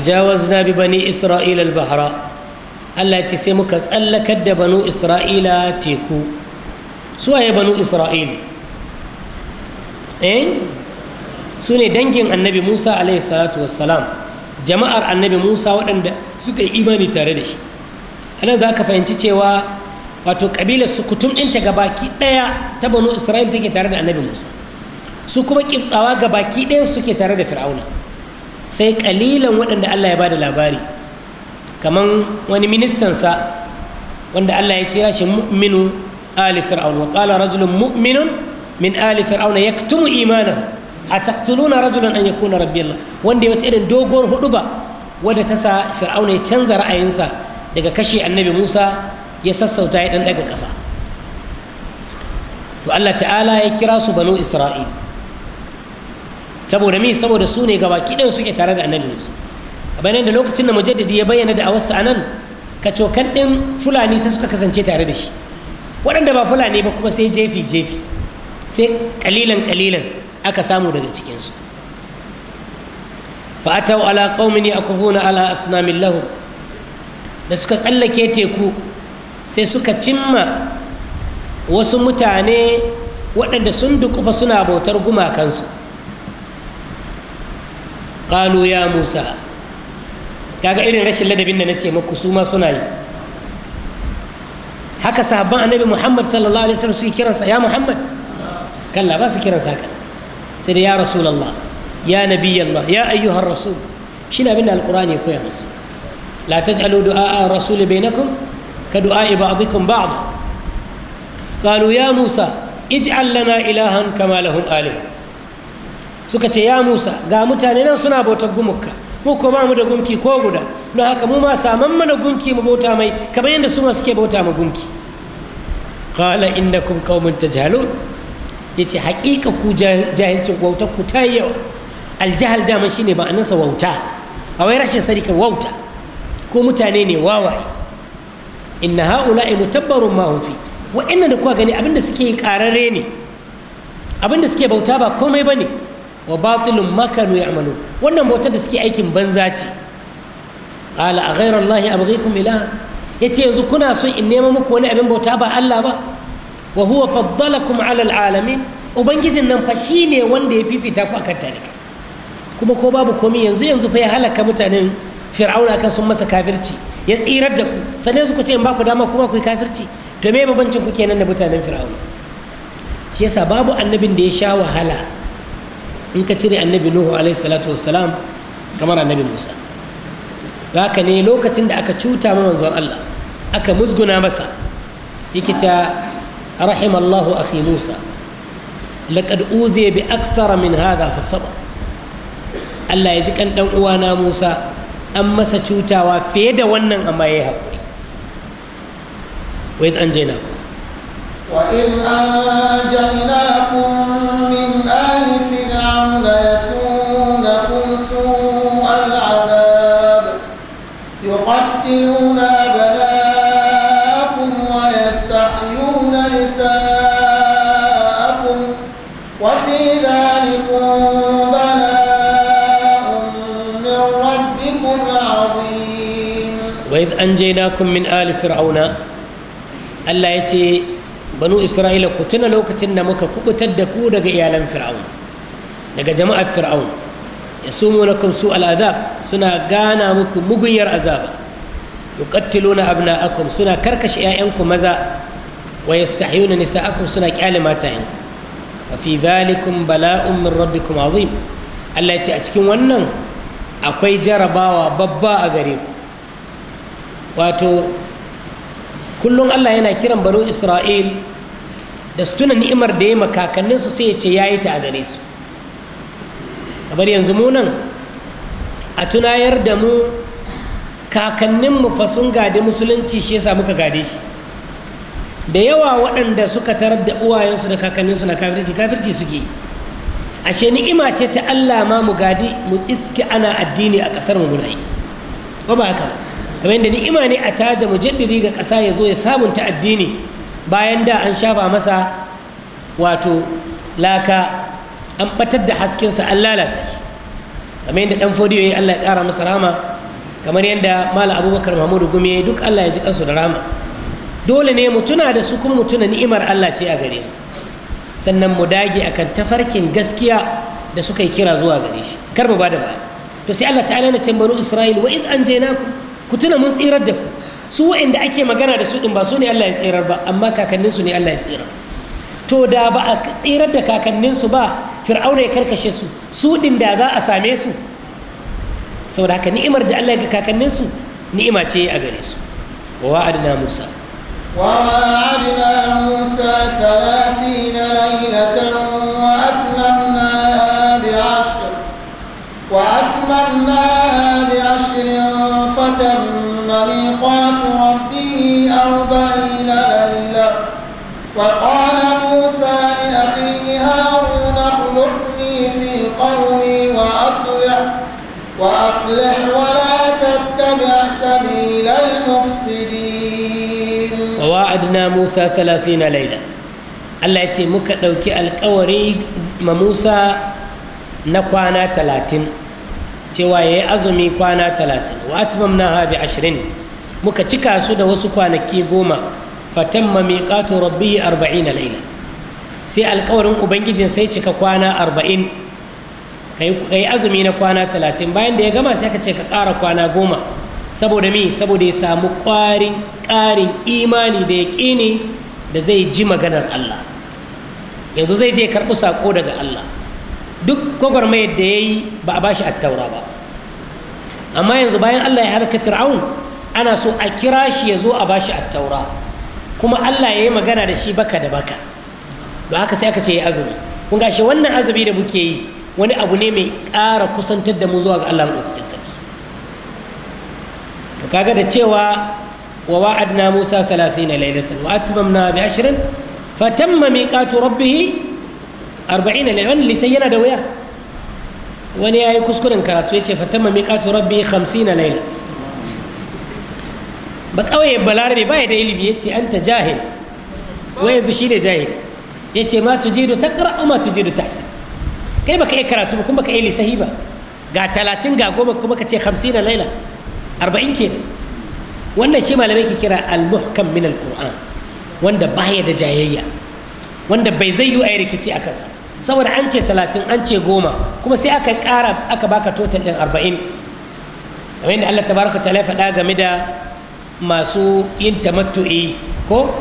[SPEAKER 1] وجاوزنا ببني إسرائيل البحر الله تسمك تسألك بنو إسرائيل تيكو سوى بنو إسرائيل إيه سوني دنجين النبي موسى عليه الصلاة والسلام jama'ar annabi musa waɗanda suka yi imani tare da shi anan za ka fahimci cewa wato ƙabilar su kutum ɗinta ga baki ɗaya ta banu isra'il take tare da annabi musa su kuma ƙibɗawa ga baki ɗayan suke tare da fir'auna sai kalilan waɗanda Allah ya bada labari kaman wani ministansa wanda Allah ya kira shi mu'minu ali fir'aun wa qala rajulun mu'minun min ali fir'aun yaktumu imana ataqtuluna rajulan an yakuna rabbi Allah wanda ya irin doguwar huduba wadda ta sa fir'aun ya canza ra'ayinsa daga kashe annabi Musa ya sassauta ya dan daga kafa to Allah ta'ala ya kira su banu Isra'il saboda mi saboda su ne gaba kidan suke tare da annabi musa bayan da lokacin da mujaddidi ya bayyana da awarsa anan cokan din fulani sai suka kasance tare da shi waɗanda ba fulani ba kuma sai jefi jefi sai kalilan kalilan aka samu daga cikinsu fa'atau ala qaumin yakufuna ala asnamin lahum da suka tsallake teku sai suka cimma wasu mutane waɗanda sun dukufa suna bautar gumakansu qalu ya musa kaga irin rashin ladabin da nace muku su ma suna yi haka sahabban annabi muhammad sallallahu alaihi wasallam su kiransa ya muhammad kalla ba su kiransa haka sai da ya rasulullah ya nabiyallah ya ayyuhar rasul shi ne abin da alqur'ani ya koya musu la taj'alu du'a rasul bainakum ka du'a ba'dikum ba'd قالوا يا موسى اجعل لنا إلها كما لهم آلهة suka ce ya musa ga mutane nan suna bautar gumukka mu ko ba mu da gunki ko guda don haka mu ma saman mana gunki mu bauta mai kamar yadda su ma suke bauta mu gumki qala innakum qaumun tajhalun yace haƙiƙa ku jahilcin wauta ku ta yawa aljahal dama shine ma'anarsa wauta a wai rashin sarika wauta ko mutane ne wawaye inna ha'ula'i mutabbarun ma hum fi wa'annan da kuwa gani abinda suke yi kararre ne abinda suke bauta ba komai bane ne wa batilun makanu ya amalu wannan bautar da suke aikin banza ce ƙala a ghairar Allah ya abghaikum ilaha ya ce yanzu kuna so in nema muku wani abin bauta ba Allah ba wa huwa kuma alal alamin ubangijin nan fa ne wanda ya fifita ku akan talika kuma ko babu komai yanzu yanzu fa ya halaka mutanen fir'auna kan sun masa kafirci ya tsirar da ku sannan su ku ce in ba ku dama kuma ku yi kafirci to me bambancin ku kenan da mutanen fir'auna shi yasa babu annabin da ya sha wahala in ka cire annabi nuhu alaihi salatu wassalam kamar annabi musa haka ne lokacin da aka cuta ma manzon allah aka musguna masa yake ta rahim allahu akhi musa laqad uziya bi aksara min hadha fa sabar allah ya ji kan dan uwana musa an masa cutawa fiye da wannan amma yayi hakuri wa id anjaynakum
[SPEAKER 2] wa id anjaynakum ليسونكم سوء العذاب يقتلون أبناءكم ويستحيون نساءكم وفي ذلكم بلاء من ربكم عظيم
[SPEAKER 1] وإذ أنجيناكم من آل فرعون التي بنو إسرائيل banu Isra'ila ku tuna lokacin da muka kubutar daga jama'ar fir'aun ya sumu na su al'azab suna gana muku mugunyar azaba yuqattiluna abna'akum suna karkashe 'ya'yanku maza wa nisa nisa'akum suna kyale matayen wa fi dhalikum bala'un min kuma azim Allah ce a cikin wannan akwai jarabawa babba a gare ku wato kullum Allah yana kiran baro Isra'il da su tuna ni'imar da ya makakanninsu sai ya ce ya yi ta a gare su kamar yanzu munan a tunayar da mu kakanninmu fa gade musulunci shi yasa muka gade shi da yawa waɗanda suka tarar da uwayensu da kakanninsu na kafirci kafirci suke ashe ni'ima ce ta Allah ma mu gadi mu iske ana addini a ƙasar mu muna yi ko ba haka ba kamar yadda ni'ima ne a tada mujaddidi ga ƙasa ya zo ya sabunta addini bayan da an shafa masa wato laka an batar da haskinsa an lalata shi kamar yadda dan fodiyo ya Allah ya kara masa rama kamar yadda mala abubakar mahmudu gumi duk Allah ya ji kansu da rama dole ne mu tuna da su kuma mu tuna ni'imar Allah ce a gare mu sannan mu dage akan tafarkin gaskiya da suka yi kira zuwa gare shi kar mu bada baya to sai Allah ta'ala na ce banu Isra'il wa id anjaynakum ku tuna mun tsirar da ku su wa'anda ake magana da su din ba su ne Allah ya tsirar ba amma kakanninsu ne Allah ya tsirar to da ba a tsirar da kakanninsu ba fir'auna ya karkashe su su ɗin da za a same su saboda haka ni'imar da Allah ga kakanninsu ni'ima ce a gare su Wa wa'adna Musa Wa wa
[SPEAKER 2] Musa salasi na ووعدنا موسى ثلاثين ليلة وأتممناها بعشر fatan بعشر فتم ميقات ربه أربعين ليلة وقال وأصلح ولا تتبع سبيل المفسدين
[SPEAKER 1] ووعدنا موسى ثلاثين ليلة Allah ce muka ɗauki alkawari ma Musa na kwana talatin cewa ya yi azumi kwana talatin wa na habi ashirin muka cika su da wasu kwanaki goma fatan mamiƙatu rabbi arba'in laila sai alkawarin ubangijin sai cika kwana arba'in ka yi azumi na kwana talatin bayan da ya gama sai ka ce ka ƙara kwana goma saboda me saboda ya samu ƙwarin ƙarin imani da ya ƙini da zai ji maganar Allah yanzu zai je karɓi saƙo daga Allah duk gwagwarmayar da ya yi ba a ba shi attaura ba amma yanzu bayan Allah ya halaka fir'aun ana so a kira shi ya zo a ba shi attaura kuma Allah ya yi magana da shi baka da baka don haka sai aka ce ya azumi kun gashi wannan azumi da muke yi wani abu ne mai ƙara kusantar da mu zuwa ga Allah maɗaukakin sarki to kaga da cewa wa wa'adna Musa 30 laylatan wa atmamna bi 20 fa tamma miqatu rabbih 40 laylatan lisai yana da waya wani yayi kuskuren karatu yace fa tamma miqatu rabbih 50 layla ba kawai kauye ba ya da ilimi yace anta jahil wa yanzu shine jahil yace ma tujidu taqra ma tujidu tahsib kai baka iya karatu ba kuma baka iya lissahi ba ga talatin ga goma kuma ka ce hamsin laila arba'in kenan wannan shi malamai ke kira al-muhkam min al-qur'an wanda baya da jayayya wanda bai zai yi a rikici a kansa saboda an ce talatin an ce goma kuma sai aka kara aka baka total ɗin arba'in kamar yadda Allah tabaraka ta faɗa game da masu yin tamattu'i ko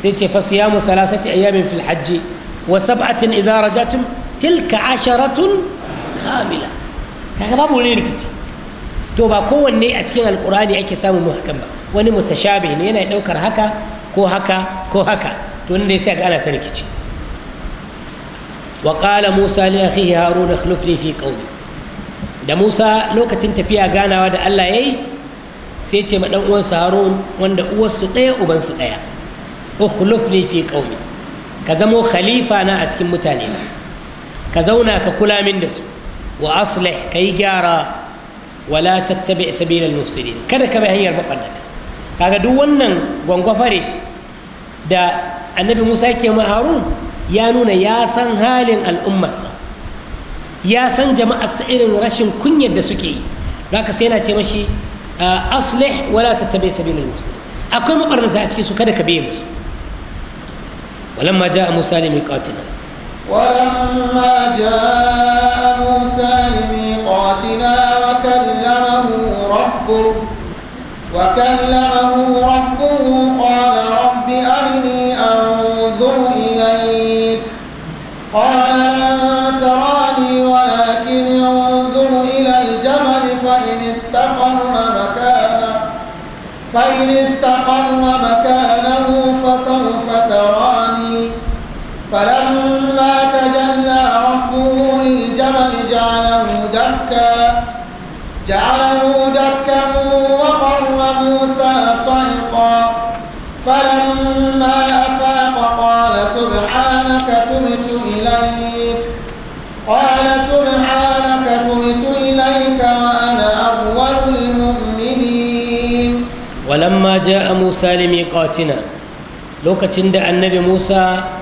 [SPEAKER 1] sai ce fa siyamu salasati ayyamin fil hajji wa sab'atin idza rajatum tilka asharatun kamila kaga babu wani rikici to ba kowanne a cikin alkurani ake samun mu hakan ba wani mutashabi ne yana daukar haka ko haka ko haka to wanda ya sai ga ana ta rikici wa qala musa li akhihi harun akhlifni fi qawmi da musa lokacin tafiya ganawa da Allah yayi sai ce ma dan uwansa harun wanda su daya su daya akhlifni fi qawmi ka zamo khalifa na a cikin mutane na ka zauna ka kula min da su wa aslih ka yi gyara wala tattabi sabilal mufsidin kada ka bai hanyar mabannata kaga duk wannan gwangwafare da annabi musa ke harun ya nuna ya san halin al'ummarsa ya san jama'arsa irin rashin kunyar da suke yi haka sai yana ce mashi ah, aslih wala tattabi sabilal mufsidin akwai mabarnata a cikin su kada ka biye musu walamma ja'a musa limiqatina ولما جاء موسى
[SPEAKER 2] لميقاتنا وكلمه ربه وكلمه ربه قال رب أرني أنظر إليك قال لن تراني ولكن انظر إلى الجمل فإن استقر مكانه فإن استقر مكانه دكا جعله دكا وقر موسى صعقا فلما أفاق قال سبحانك تبت إليك قال سبحانك تبت إليك وأنا أول المؤمنين
[SPEAKER 1] ولما جاء موسى لميقاتنا lokacin da annabi musa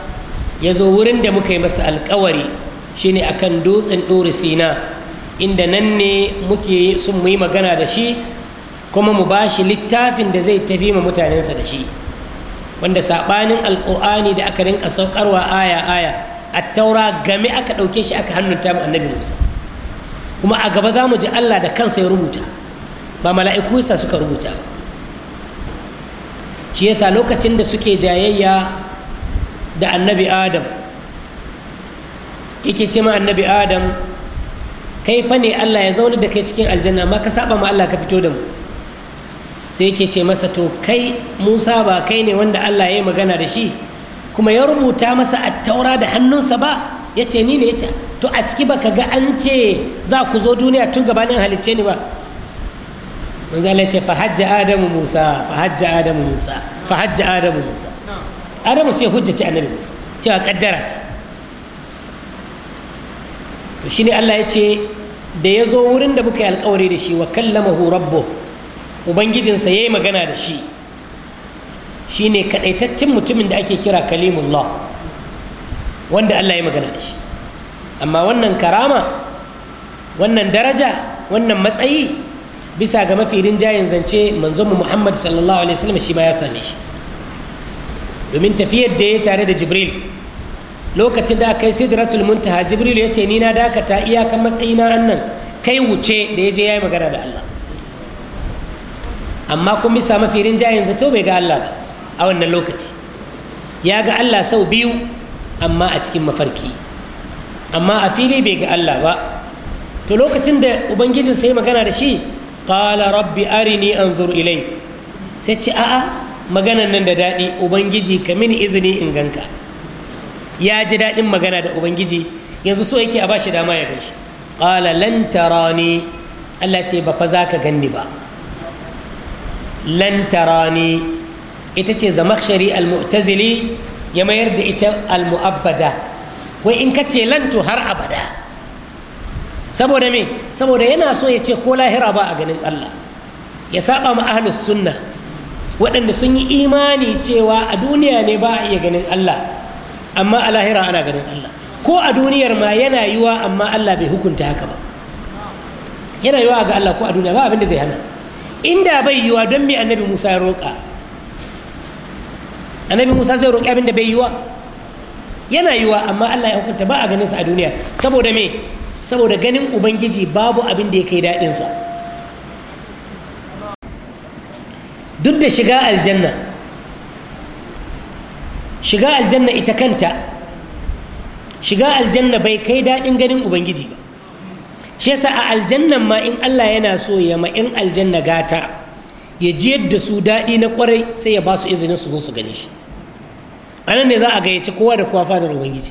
[SPEAKER 1] ya zo wurin da muka yi masa alkawari shine akan dutsen ɗori sina inda nan ne muke sun muyi magana da shi kuma mu ba shi littafin da zai tafi ma mutanensa da shi wanda saɓanin alƙur'ani da aka rinka saukarwa aya aya a taura game aka ɗauke shi aka hannunta mu annabi musa kuma a gaba za mu ji allah da kansa ya rubuta ba mala'iku sa suka rubuta ba shi yasa lokacin da suke jayayya da annabi adam yake ce ma annabi adam kai fa ne Allah ya zauna da kai cikin aljanna amma ka saba ma Allah ka fito da mu sai yake ce masa to kai Musa ba kai ne wanda Allah ya yi magana da shi kuma ya rubuta masa attaura da hannunsa ba ya ce ni ne ya to a ciki baka ga an ce za ku zo duniya tun gabanin halicce ni ba manzo Allah ya ce fa hajja adamu Musa fa hajja adamu Musa fa hajja adamu Musa adamu sai hujjace annabi Musa cewa kaddara ce shi ne Allah ya ce da ya zo wurin da muka yi alkawari da shi wa kallamahu rabbo ubangijinsa ya yi magana da shi shi ne kaɗaitaccen mutumin da ake kira kalimullah wanda allah ya magana da shi amma wannan karama wannan daraja wannan matsayi bisa ga mafi rinjayen zance manzonmu muhammad sallallahu alaihi wasallam shi ma ya same shi domin tafiyar da ya tare da jibril lokacin da kai sidratul muntaha jibril ya ce ni na dakata iyakan matsayina annan kai wuce da ya je ya yi magana da allah amma kun bisa mafi rinjayen zato bai ga allah ba a wannan lokaci ya ga allah sau biyu amma a cikin mafarki amma a fili bai ga allah ba to lokacin da ubangijin sai magana da shi qala rabbi arini anzur ilai sai ce a'a maganan nan da daɗi ubangiji ka mini izini in ganka ya ji daɗin magana da ubangiji yanzu so yake a shi dama ya gaishe qala lan tarani Allah ce ba fa za ka ganni ba lan ita ce zamakhshari al-mu'tazili ya mayar da ita al-mu'abbada wai in ka ce lantu har abada saboda me saboda yana so ya ce ko lahira ba a ganin Allah ya saba ma ahlus sunna waɗanda sun yi imani cewa a duniya ne ba a iya ganin Allah amma a lahira ana ganin Allah ko a duniyar ma yana yiwa amma Allah bai hukunta haka ba yana yiwa ga Allah ko a duniya ba abin da zai hana inda bai yiwa don me annabi Musa ya roƙa annabi Musa zai roƙi abin da bai yiwa yana yiwa amma Allah ya hukunta ba a ganin sa a duniya saboda me saboda ganin ubangiji babu abin da ya kai daɗinsa duk da shiga aljanna shiga aljanna ita kanta shiga aljanna bai kai daɗin ganin ubangiji ba shi yasa a aljannan ma in allah yana so ya ma in aljanna gata ya jiyar da su daɗi na kwarai sai ya ba su izinin su zo su gani shi a nan ne za a gayyaci kowa da kowa fadar ubangiji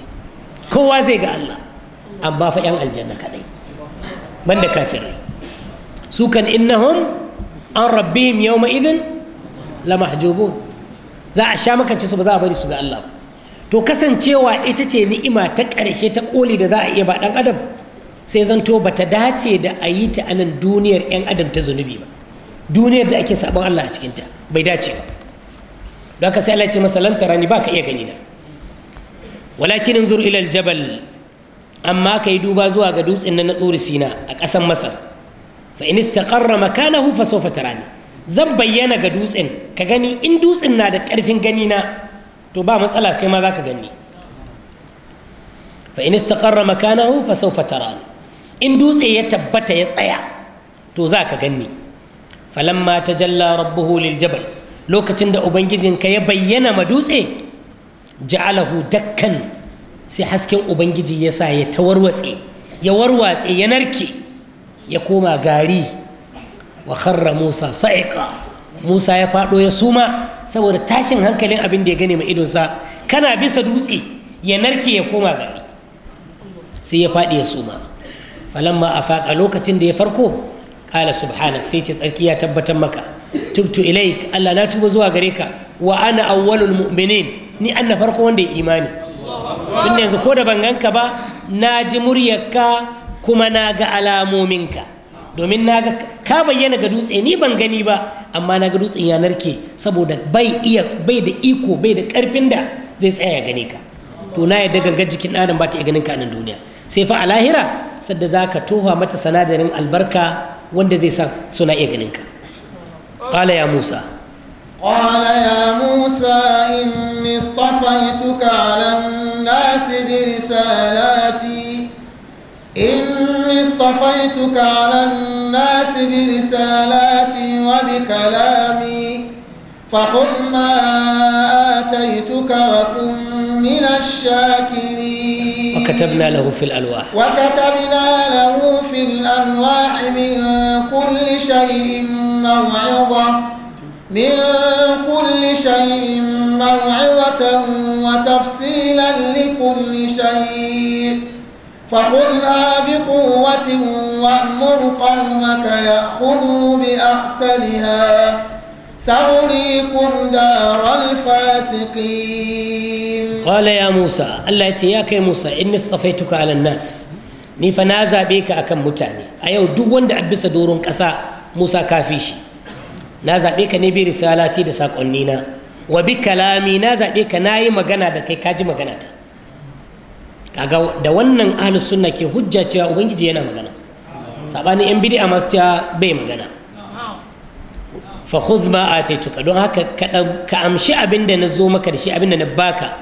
[SPEAKER 1] kowa zai ga allah an ba fa 'yan aljanna kaɗai banda kafirai su kan innahum an rabbihim yawma idin la mahjubun za a sha makance su ba za a bari su ga Allah ba to kasancewa ita ce ni'ima ta ƙarshe ta ƙoli da za a iya ba ɗan adam sai zanto ba ta dace da a yi ta anan duniyar 'yan adam ta zunubi ba duniyar da ake sabon Allah a cikinta bai dace ba don ka sai Allah ce masa lantara ni ba ka iya gani na walakin inzur ila amma ka yi duba zuwa ga dutsen na tsuri sina a ƙasar masar fa in istaqarra makanahu fa sawfa tarani zan bayyana ga dutsen ka gani in dutsen na da ƙarfin gani na to ba matsala kai ma za ka gani fa in istaqarra makanahu fa sawfa tarani in dutse ya tabbata ya tsaya to za ka ganni falamma tajalla rabbuhu lil jabal lokacin da ubangijinka ya bayyana ma dutse ja'alahu dakkan sai hasken ubangiji ya sa ya tawarwatse ya warwatse ya narke ya koma gari wa kharra musa sa'iqa musa ya fado ya suma saboda tashin hankalin abin da ya gane mai idonsa kana bisa dutse ya narke ya koma gari sai ya faɗi ya suma falamma afaqa lokacin da ya farko qala subhanak sai ce tsarki ya tabbatar maka tubtu ilaik Allah na tuba zuwa gare ka wa ana awwalul mu'minin ni an farko wanda ya imani tunda yanzu ko da ban ganka ba na ji muryarka kuma na ga alamominka domin na ga ka bayyana ga dutse ni ban gani ba amma na ga dutsen ya narke saboda bai iya bai da iko bai da karfin da zai tsaya ya gane ka to na yadda ganga jikin ɗan ba ta iya ganin ka nan duniya sai fa a lahira sadda za ka toha mata sanadarin albarka wanda zai sa suna iya ganin ka ya Musa.
[SPEAKER 2] ƙala ya musa in إني اصطفيتك nasi الناس risalati. in إني اصطفيتك على الناس برسالاتي وبكلامي فخذ ما آتيتك وكن من الشاكرين وكتبنا له
[SPEAKER 1] في الألواح
[SPEAKER 2] وكتبنا له في الألواح من كل شيء موعظة من كل شيء موعظة وتفصيلا لكل شيء فخذها بقوة وأمر قومك يأخذوا بأحسنها سأريكم دار الفاسقين
[SPEAKER 1] قال يا موسى الله يتياك يا موسى إني اصطفيتك على الناس ni fa na zaɓe ka akan mutane a yau duk wanda a bisa doron ƙasa musa kafi shi na zaɓe ka ne bi risalati da saƙonnina wa bi kalami na zaɓe ka na yi magana da kai kaji magana ta kaga da wannan ahlus sunna ke hujja cewa ubangiji yana magana sabanin yan bid'a masu cewa bai magana fa khudh ma atituka don haka ka amshi abinda na zo maka da shi abinda na baka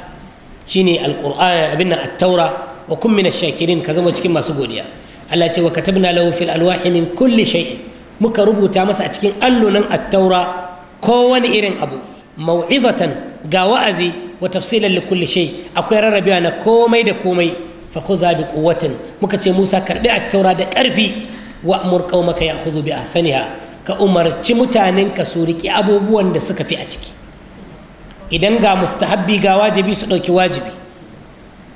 [SPEAKER 1] shine abin abinda at-taura wa kun min ash-shakirin ka zama cikin masu godiya Allah ce wa katabna lahu fil alwahi min kulli shay'in muka rubuta masa a cikin allunan at-taura kowane irin abu mau'izatan ga wa'azi wa tafsilan likulli shay akwai rarrabewa na komai da komai fa khudha bi quwwatin muka ce Musa karbi at-taura da karfi wa amur qaumaka ya'khudhu bi ahsaniha ka umarci mutanen ka su riki abubuwan da suka fi a ciki idan ga mustahabbi ga wajibi su dauki wajibi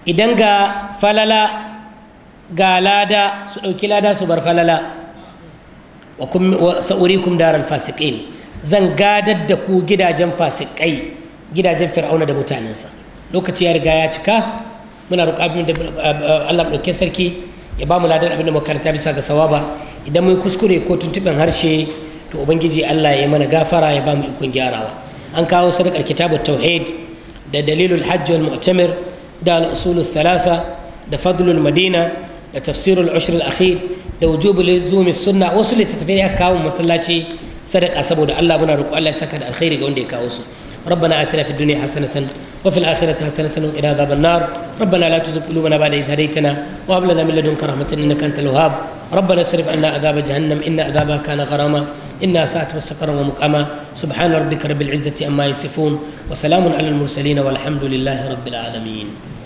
[SPEAKER 1] idan ga falala ga lada su dauki lada su bar falala wa sa'urikum daral fasiqin zan gadar da ku gidajen fasikai gidajen fir'auna da mutanensa lokaci ya riga ya cika muna roƙa abin da eh, Allah mu ɗauke sarki ya ba mu ladan abin da makaranta bisa ga sawaba idan mun kuskure ko tuntuɓen harshe to ubangiji Allah ya mana gafara ya ba mu ikon gyarawa an kawo sadakar kitabut tauhid da dalilul hajj wal mu'tamir da al usul thalatha da fadlul madina da tafsirul ushr al akhir da wujubu lizumi sunna wasu littattafai ya kawo masallaci sadaka saboda Allah muna roƙo Allah ya saka da alkhairi ga wanda ya kawo su ربنا آتنا في الدنيا حسنة وفي الآخرة حسنة وقنا عذاب النار ربنا لا تزغ قلوبنا بعد إذ هديتنا وهب لنا من لدنك رحمة إنك أنت الوهاب ربنا اصرف عنا عذاب جهنم إن عذابها كان غراما انا ساءت مستقرا ومقاما سبحان ربك رب العزة أما يصفون وسلام على المرسلين والحمد لله رب العالمين